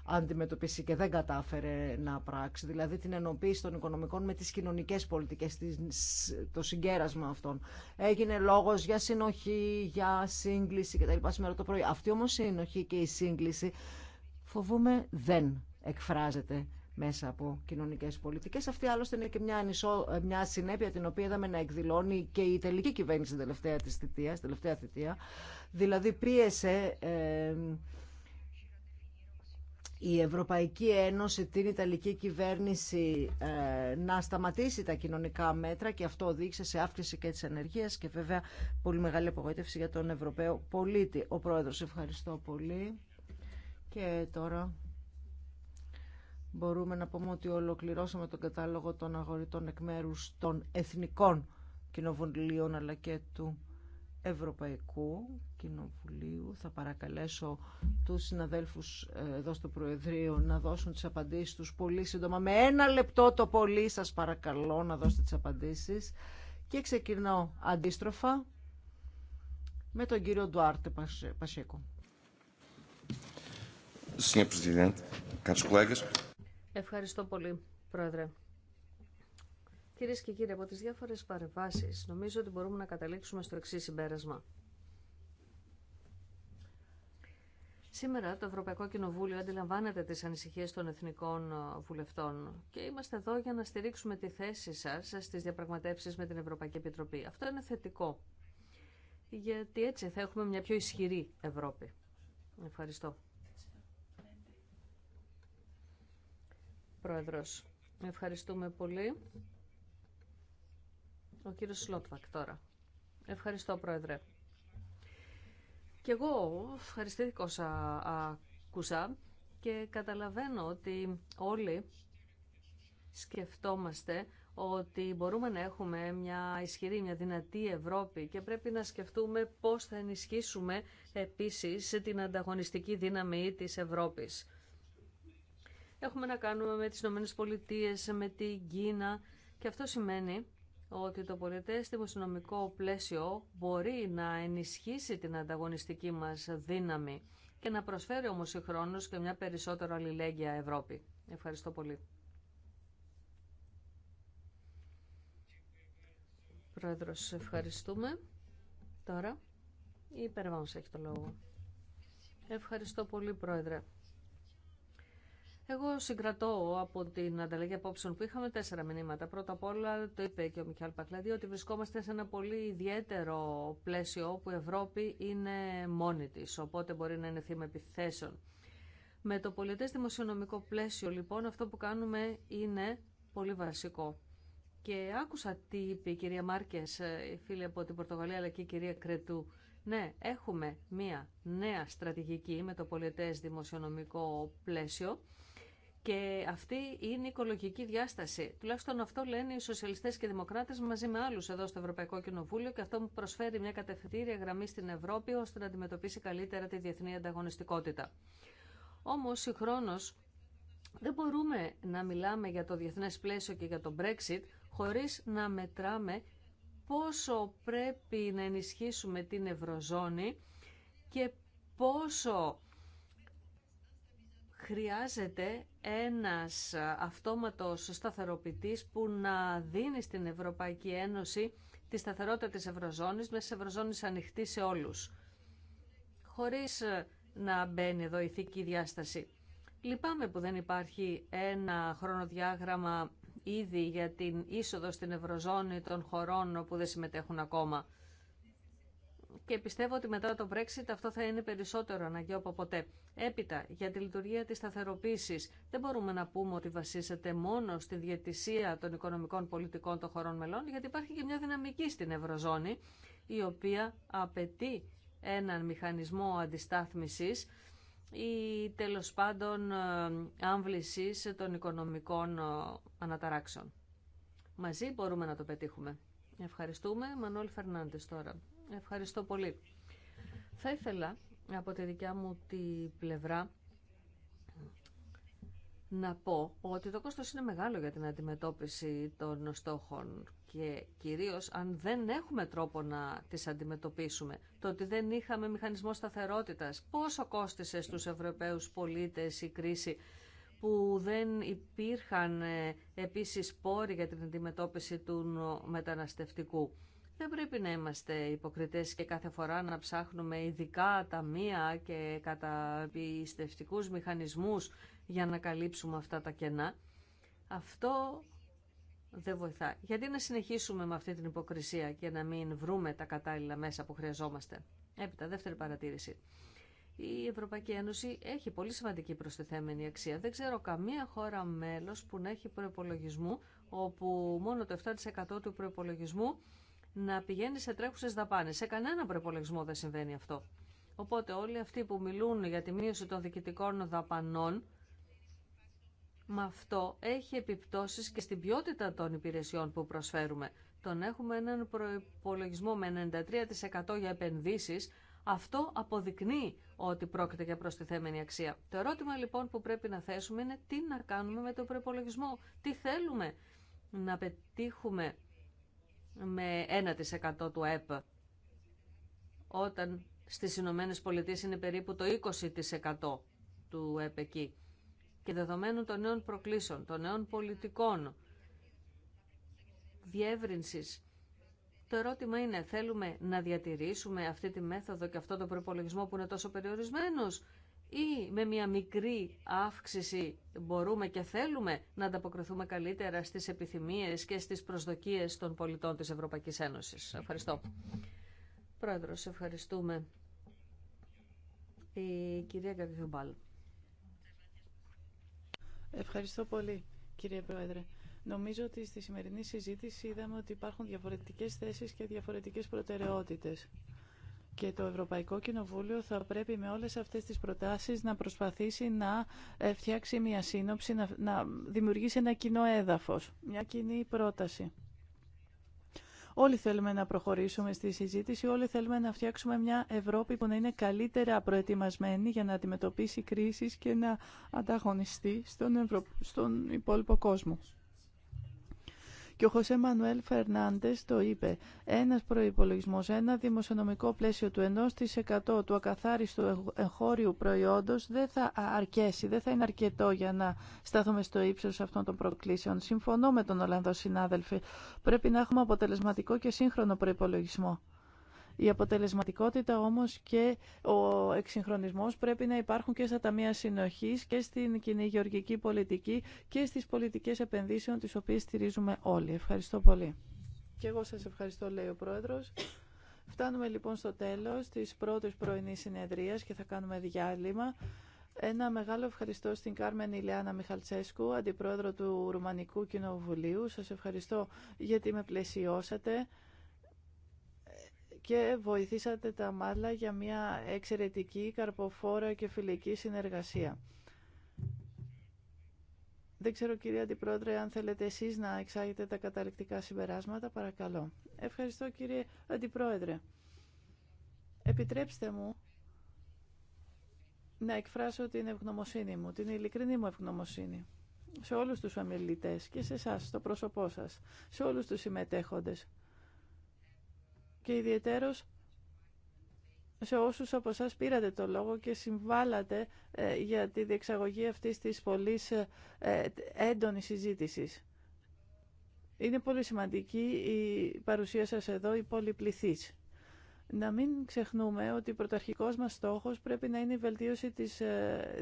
αντιμετωπίσει και δεν κατάφερε να πράξει, δηλαδή την ενοποίηση των οικονομικών με τις κοινωνικές πολιτικές, το συγκέρασμα αυτών. Έγινε λόγος για συνοχή, για σύγκληση κτλ. σήμερα το πρωί. Αυτή όμως η συνοχή και η σύγκληση φοβούμε δεν εκφράζεται μέσα από κοινωνικέ πολιτικέ. Αυτή άλλωστε είναι και μια, ανισό, ε, μια συνέπεια την οποία είδαμε να εκδηλώνει και η τελική κυβέρνηση στην τελευταία της θητεία, τελευταία θητεία. Δηλαδή πίεσε ε, η Ευρωπαϊκή Ένωση, την Ιταλική κυβέρνηση ε, να σταματήσει τα κοινωνικά μέτρα και αυτό οδήγησε σε αύξηση και της ενεργείας και βέβαια πολύ μεγάλη απογοήτευση για τον Ευρωπαίο πολίτη. Ο Πρόεδρος, ευχαριστώ πολύ. Και τώρα μπορούμε να πούμε ότι ολοκληρώσαμε τον κατάλογο των αγορητών εκ μέρου των εθνικών κοινοβουλίων αλλά και του Ευρωπαϊκού Κοινοβουλίου. Θα παρακαλέσω τους συναδέλφους ε, εδώ στο Προεδρείο να δώσουν τις απαντήσεις τους πολύ σύντομα. Με ένα λεπτό το πολύ σας παρακαλώ να δώσετε τις απαντήσεις. Και ξεκινώ αντίστροφα με τον κύριο Ντουάρτε Πασέκο. Presidente, caros colegas, Ευχαριστώ πολύ, Πρόεδρε. Κυρίες και κύριοι, από τις διάφορες παρεμβάσεις νομίζω ότι μπορούμε να καταλήξουμε στο εξή συμπέρασμα. Σήμερα το Ευρωπαϊκό Κοινοβούλιο αντιλαμβάνεται τις ανησυχίες των εθνικών ε, βουλευτών και είμαστε εδώ για να στηρίξουμε τη θέση σας στις διαπραγματεύσεις με την Ευρωπαϊκή Επιτροπή. Αυτό είναι θετικό, γιατί έτσι θα έχουμε μια πιο ισχυρή Ευρώπη. Ευχαριστώ. Πρόεδρος. Ευχαριστούμε πολύ. Ο κύριος Σλότβακ τώρα. Ευχαριστώ, Πρόεδρε. Κι εγώ ευχαριστήθηκα ακούσα και καταλαβαίνω ότι όλοι σκεφτόμαστε ότι μπορούμε να έχουμε μια ισχυρή, μια δυνατή Ευρώπη και πρέπει να σκεφτούμε πώς θα ενισχύσουμε επίσης την ανταγωνιστική δύναμη της Ευρώπης. Έχουμε να κάνουμε με τις Ηνωμένες Πολιτείες, με την Κίνα και αυτό σημαίνει ότι το στο συνομικό πλαίσιο μπορεί να ενισχύσει την ανταγωνιστική μας δύναμη και να προσφέρει όμως η και μια περισσότερο αλληλέγγυα Ευρώπη. Ευχαριστώ πολύ. Πρόεδρος, ευχαριστούμε. Τώρα η υπερβάμωση έχει το λόγο. Ευχαριστώ πολύ, Πρόεδρε. Εγώ συγκρατώ από την ανταλλαγή απόψεων που είχαμε τέσσερα μηνύματα. Πρώτα απ' όλα το είπε και ο Μιχάλ Πακλαδί ότι βρισκόμαστε σε ένα πολύ ιδιαίτερο πλαίσιο όπου η Ευρώπη είναι μόνη της, οπότε μπορεί να είναι θύμα επιθέσεων. Με το πολιτές δημοσιονομικό πλαίσιο λοιπόν αυτό που κάνουμε είναι πολύ βασικό. Και άκουσα τι είπε η κυρία Μάρκες, ε, η φίλη από την Πορτογαλία αλλά και η κυρία Κρετού. Ναι, έχουμε μία νέα στρατηγική με το πολιτές δημοσιονομικό πλαίσιο και αυτή είναι η οικολογική διάσταση. Τουλάχιστον αυτό λένε οι σοσιαλιστέ και δημοκράτε μαζί με άλλου εδώ στο Ευρωπαϊκό Κοινοβούλιο και αυτό μου προσφέρει μια κατευθυντήρια γραμμή στην Ευρώπη ώστε να αντιμετωπίσει καλύτερα τη διεθνή ανταγωνιστικότητα. Όμω συγχρόνω δεν μπορούμε να μιλάμε για το διεθνέ πλαίσιο και για το Brexit χωρί να μετράμε πόσο πρέπει να ενισχύσουμε την Ευρωζώνη και πόσο χρειάζεται ένας αυτόματος σταθεροποιητής που να δίνει στην Ευρωπαϊκή Ένωση τη σταθερότητα της Ευρωζώνης, μέσα σε Ευρωζώνης ανοιχτή σε όλους, χωρίς να μπαίνει εδώ ηθική διάσταση. Λυπάμαι που δεν υπάρχει ένα χρονοδιάγραμμα ήδη για την είσοδο στην Ευρωζώνη των χωρών που δεν συμμετέχουν ακόμα και πιστεύω ότι μετά το Brexit αυτό θα είναι περισσότερο αναγκαίο από ποτέ. Έπειτα, για τη λειτουργία της σταθεροποίησης, δεν μπορούμε να πούμε ότι βασίζεται μόνο στη διαιτησία των οικονομικών πολιτικών των χωρών μελών, γιατί υπάρχει και μια δυναμική στην Ευρωζώνη, η οποία απαιτεί έναν μηχανισμό αντιστάθμισης ή τέλος πάντων ε, άμβλησης των οικονομικών ε, αναταράξεων. Μαζί μπορούμε να το πετύχουμε. Ευχαριστούμε. Μανώλη Φερνάντες τώρα. Ευχαριστώ πολύ. Θα ήθελα από τη δικιά μου τη πλευρά να πω ότι το κόστος είναι μεγάλο για την αντιμετώπιση των στόχων και κυρίως αν δεν έχουμε τρόπο να τις αντιμετωπίσουμε. Το ότι δεν είχαμε μηχανισμό σταθερότητας, πόσο κόστισε στους Ευρωπαίους πολίτες η κρίση που δεν υπήρχαν ε, επίσης πόροι για την αντιμετώπιση του μεταναστευτικού. Δεν πρέπει να είμαστε υποκριτές και κάθε φορά να ψάχνουμε ειδικά ταμεία και καταπιστευτικούς μηχανισμούς για να καλύψουμε αυτά τα κενά. Αυτό δεν βοηθά. Γιατί να συνεχίσουμε με αυτή την υποκρισία και να μην βρούμε τα κατάλληλα μέσα που χρειαζόμαστε. Έπειτα, δεύτερη παρατήρηση. Η Ευρωπαϊκή Ένωση έχει πολύ σημαντική προστιθέμενη αξία. Δεν ξέρω καμία χώρα μέλος που να έχει προπολογισμού όπου μόνο το 7% του προπολογισμού να πηγαίνει σε τρέχουσε δαπάνε. Σε κανένα προπολογισμό δεν συμβαίνει αυτό. Οπότε όλοι αυτοί που μιλούν για τη μείωση των διοικητικών δαπανών, με αυτό έχει επιπτώσει και στην ποιότητα των υπηρεσιών που προσφέρουμε. Τον έχουμε έναν προπολογισμό με 93% για επενδύσει. αυτό αποδεικνύει ότι πρόκειται για προστιθέμενη αξία. Το ερώτημα λοιπόν που πρέπει να θέσουμε είναι τι να κάνουμε με τον προπολογισμό, τι θέλουμε να πετύχουμε με 1% του ΕΠ, όταν στις Ηνωμένε Πολιτείες είναι περίπου το 20% του ΕΠ εκεί. Και δεδομένου των νέων προκλήσεων, των νέων πολιτικών, διεύρυνσης, το ερώτημα είναι, θέλουμε να διατηρήσουμε αυτή τη μέθοδο και αυτό το προπολογισμό που είναι τόσο περιορισμένος ή με μια μικρή αύξηση μπορούμε και θέλουμε να ανταποκριθούμε καλύτερα στις επιθυμίες και στις προσδοκίες των πολιτών της Ευρωπαϊκής Ένωσης. Ευχαριστώ. Πρόεδρος, ευχαριστούμε. Η κυρία Καβιθουμπάλ. Ευχαριστώ πολύ, κύριε Πρόεδρε. Νομίζω ότι στη σημερινή συζήτηση είδαμε ότι υπάρχουν διαφορετικές θέσεις και διαφορετικές προτεραιότητες. Και το Ευρωπαϊκό Κοινοβούλιο θα πρέπει με όλες αυτές τις προτάσεις να προσπαθήσει να ε, φτιάξει μια σύνοψη, να, να δημιουργήσει ένα κοινό έδαφος, μια κοινή πρόταση. Όλοι θέλουμε να προχωρήσουμε στη συζήτηση, όλοι θέλουμε να φτιάξουμε μια Ευρώπη που να είναι καλύτερα προετοιμασμένη για να αντιμετωπίσει κρίσεις και να ανταγωνιστεί στον, στον υπόλοιπο κόσμο. Και ο Χωσέ Μανουέλ Φερνάντε το είπε. Ένα προπολογισμό, ένα δημοσιονομικό πλαίσιο του 1% του ακαθάριστου εγχώριου προϊόντο δεν θα αρκέσει, δεν θα είναι αρκετό για να στάθουμε στο ύψο αυτών των προκλήσεων. Συμφωνώ με τον Ολλανδό συνάδελφο. Πρέπει να έχουμε αποτελεσματικό και σύγχρονο προπολογισμό. Η αποτελεσματικότητα όμως και ο εξυγχρονισμός πρέπει να υπάρχουν και στα ταμεία συνοχής και στην κοινή γεωργική πολιτική και στις πολιτικές επενδύσεων τις οποίες στηρίζουμε όλοι. Ευχαριστώ πολύ. Και εγώ σας ευχαριστώ λέει ο Πρόεδρος. Φτάνουμε λοιπόν στο τέλος της πρώτης πρωινή συνεδρίας και θα κάνουμε διάλειμμα. Ένα μεγάλο ευχαριστώ στην Κάρμεν Ηλιάνα Μιχαλτσέσκου, αντιπρόεδρο του Ρουμανικού Κοινοβουλίου. Σας ευχαριστώ γιατί με πλαισιώσατε και βοηθήσατε τα μάλλα για μια εξαιρετική καρποφόρα και φιλική συνεργασία. Δεν ξέρω κυρία Αντιπρόεδρε αν θέλετε εσείς να εξάγετε τα καταληκτικά συμπεράσματα, παρακαλώ. Ευχαριστώ κύριε Αντιπρόεδρε. Επιτρέψτε μου να εκφράσω την ευγνωμοσύνη μου, την ειλικρινή μου ευγνωμοσύνη σε όλους τους ομιλητές και σε εσά, στο πρόσωπό σας, σε όλους τους συμμετέχοντες και ιδιαιτέρως σε όσους από εσά πήρατε το λόγο και συμβάλατε ε, για τη διεξαγωγή αυτής της πολύ ε, ε, έντονης συζήτησης. Είναι πολύ σημαντική η παρουσία σας εδώ, η πολυπληθής. Να μην ξεχνούμε ότι ο πρωταρχικός μας στόχος πρέπει να είναι η βελτίωση της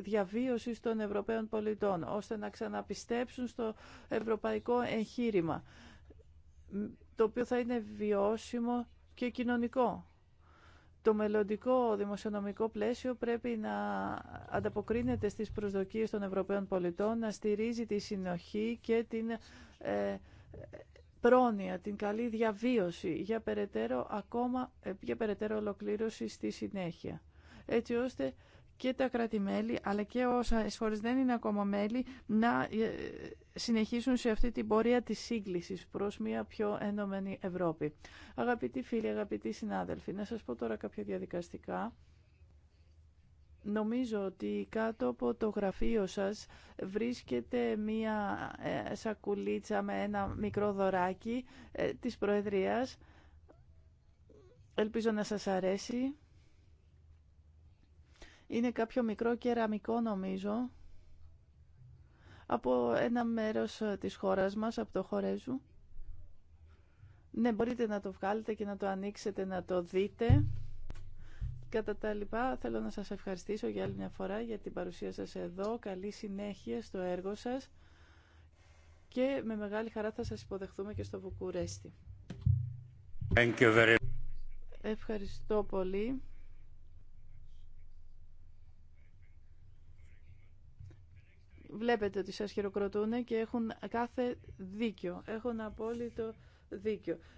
διαβίωσης των Ευρωπαίων πολιτών, ώστε να ξαναπιστέψουν στο ευρωπαϊκό εγχείρημα, το οποίο θα είναι βιώσιμο και κοινωνικό. Το μελλοντικό δημοσιονομικό πλαίσιο πρέπει να ανταποκρίνεται στις προσδοκίες των Ευρωπαίων πολιτών, να στηρίζει τη συνοχή και την ε, πρόνοια, την καλή διαβίωση για περαιτέρω, ακόμα, ε, για περαιτέρω ολοκλήρωση στη συνέχεια. Έτσι ώστε και τα κράτη-μέλη αλλά και όσα φορές δεν είναι ακόμα μέλη να ε, συνεχίσουν σε αυτή την πορεία της σύγκλησης προς μια πιο ενωμένη Ευρώπη. Αγαπητοί φίλοι, αγαπητοί συνάδελφοι, να σας πω τώρα κάποια διαδικαστικά. Νομίζω ότι κάτω από το γραφείο σας βρίσκεται μία ε, σακουλίτσα με ένα μικρό δωράκι ε, της Προεδρίας. Ελπίζω να σας αρέσει. Είναι κάποιο μικρό κεραμικό νομίζω από ένα μέρος ε, της χώρας μας, από το Χορέζου. Ναι, μπορείτε να το βγάλετε και να το ανοίξετε, να το δείτε. Κατά τα λοιπά, θέλω να σας ευχαριστήσω για άλλη μια φορά για την παρουσία σας εδώ. Καλή συνέχεια στο έργο σας και με μεγάλη χαρά θα σας υποδεχθούμε και στο Βουκουρέστι. Ευχαριστώ πολύ. Βλέπετε ότι σας χειροκροτούν και έχουν κάθε δίκιο. Έχουν απόλυτο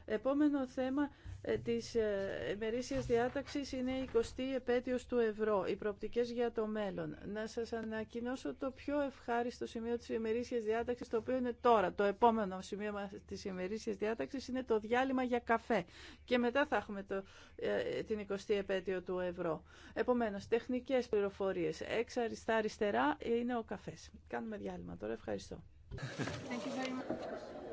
Επόμενο θέμα ε, της ε, ημερήσιας διάταξης είναι η 20η επέτειος του ευρώ, οι προοπτικές για το μέλλον. Να σας ανακοινώσω το πιο ευχάριστο σημείο της ημερήσιας διάταξης, το οποίο είναι τώρα. Το επόμενο σημείο της ημερήσιας διάταξης είναι το διάλειμμα για καφέ. Και μετά θα έχουμε το, ε, την 20η επέτειο του ευρώ. Επομένως, τεχνικές πληροφορίες. Έξα αριστερά είναι ο καφές. Κάνουμε διάλειμμα τώρα. Ευχαριστώ. Thank you very much.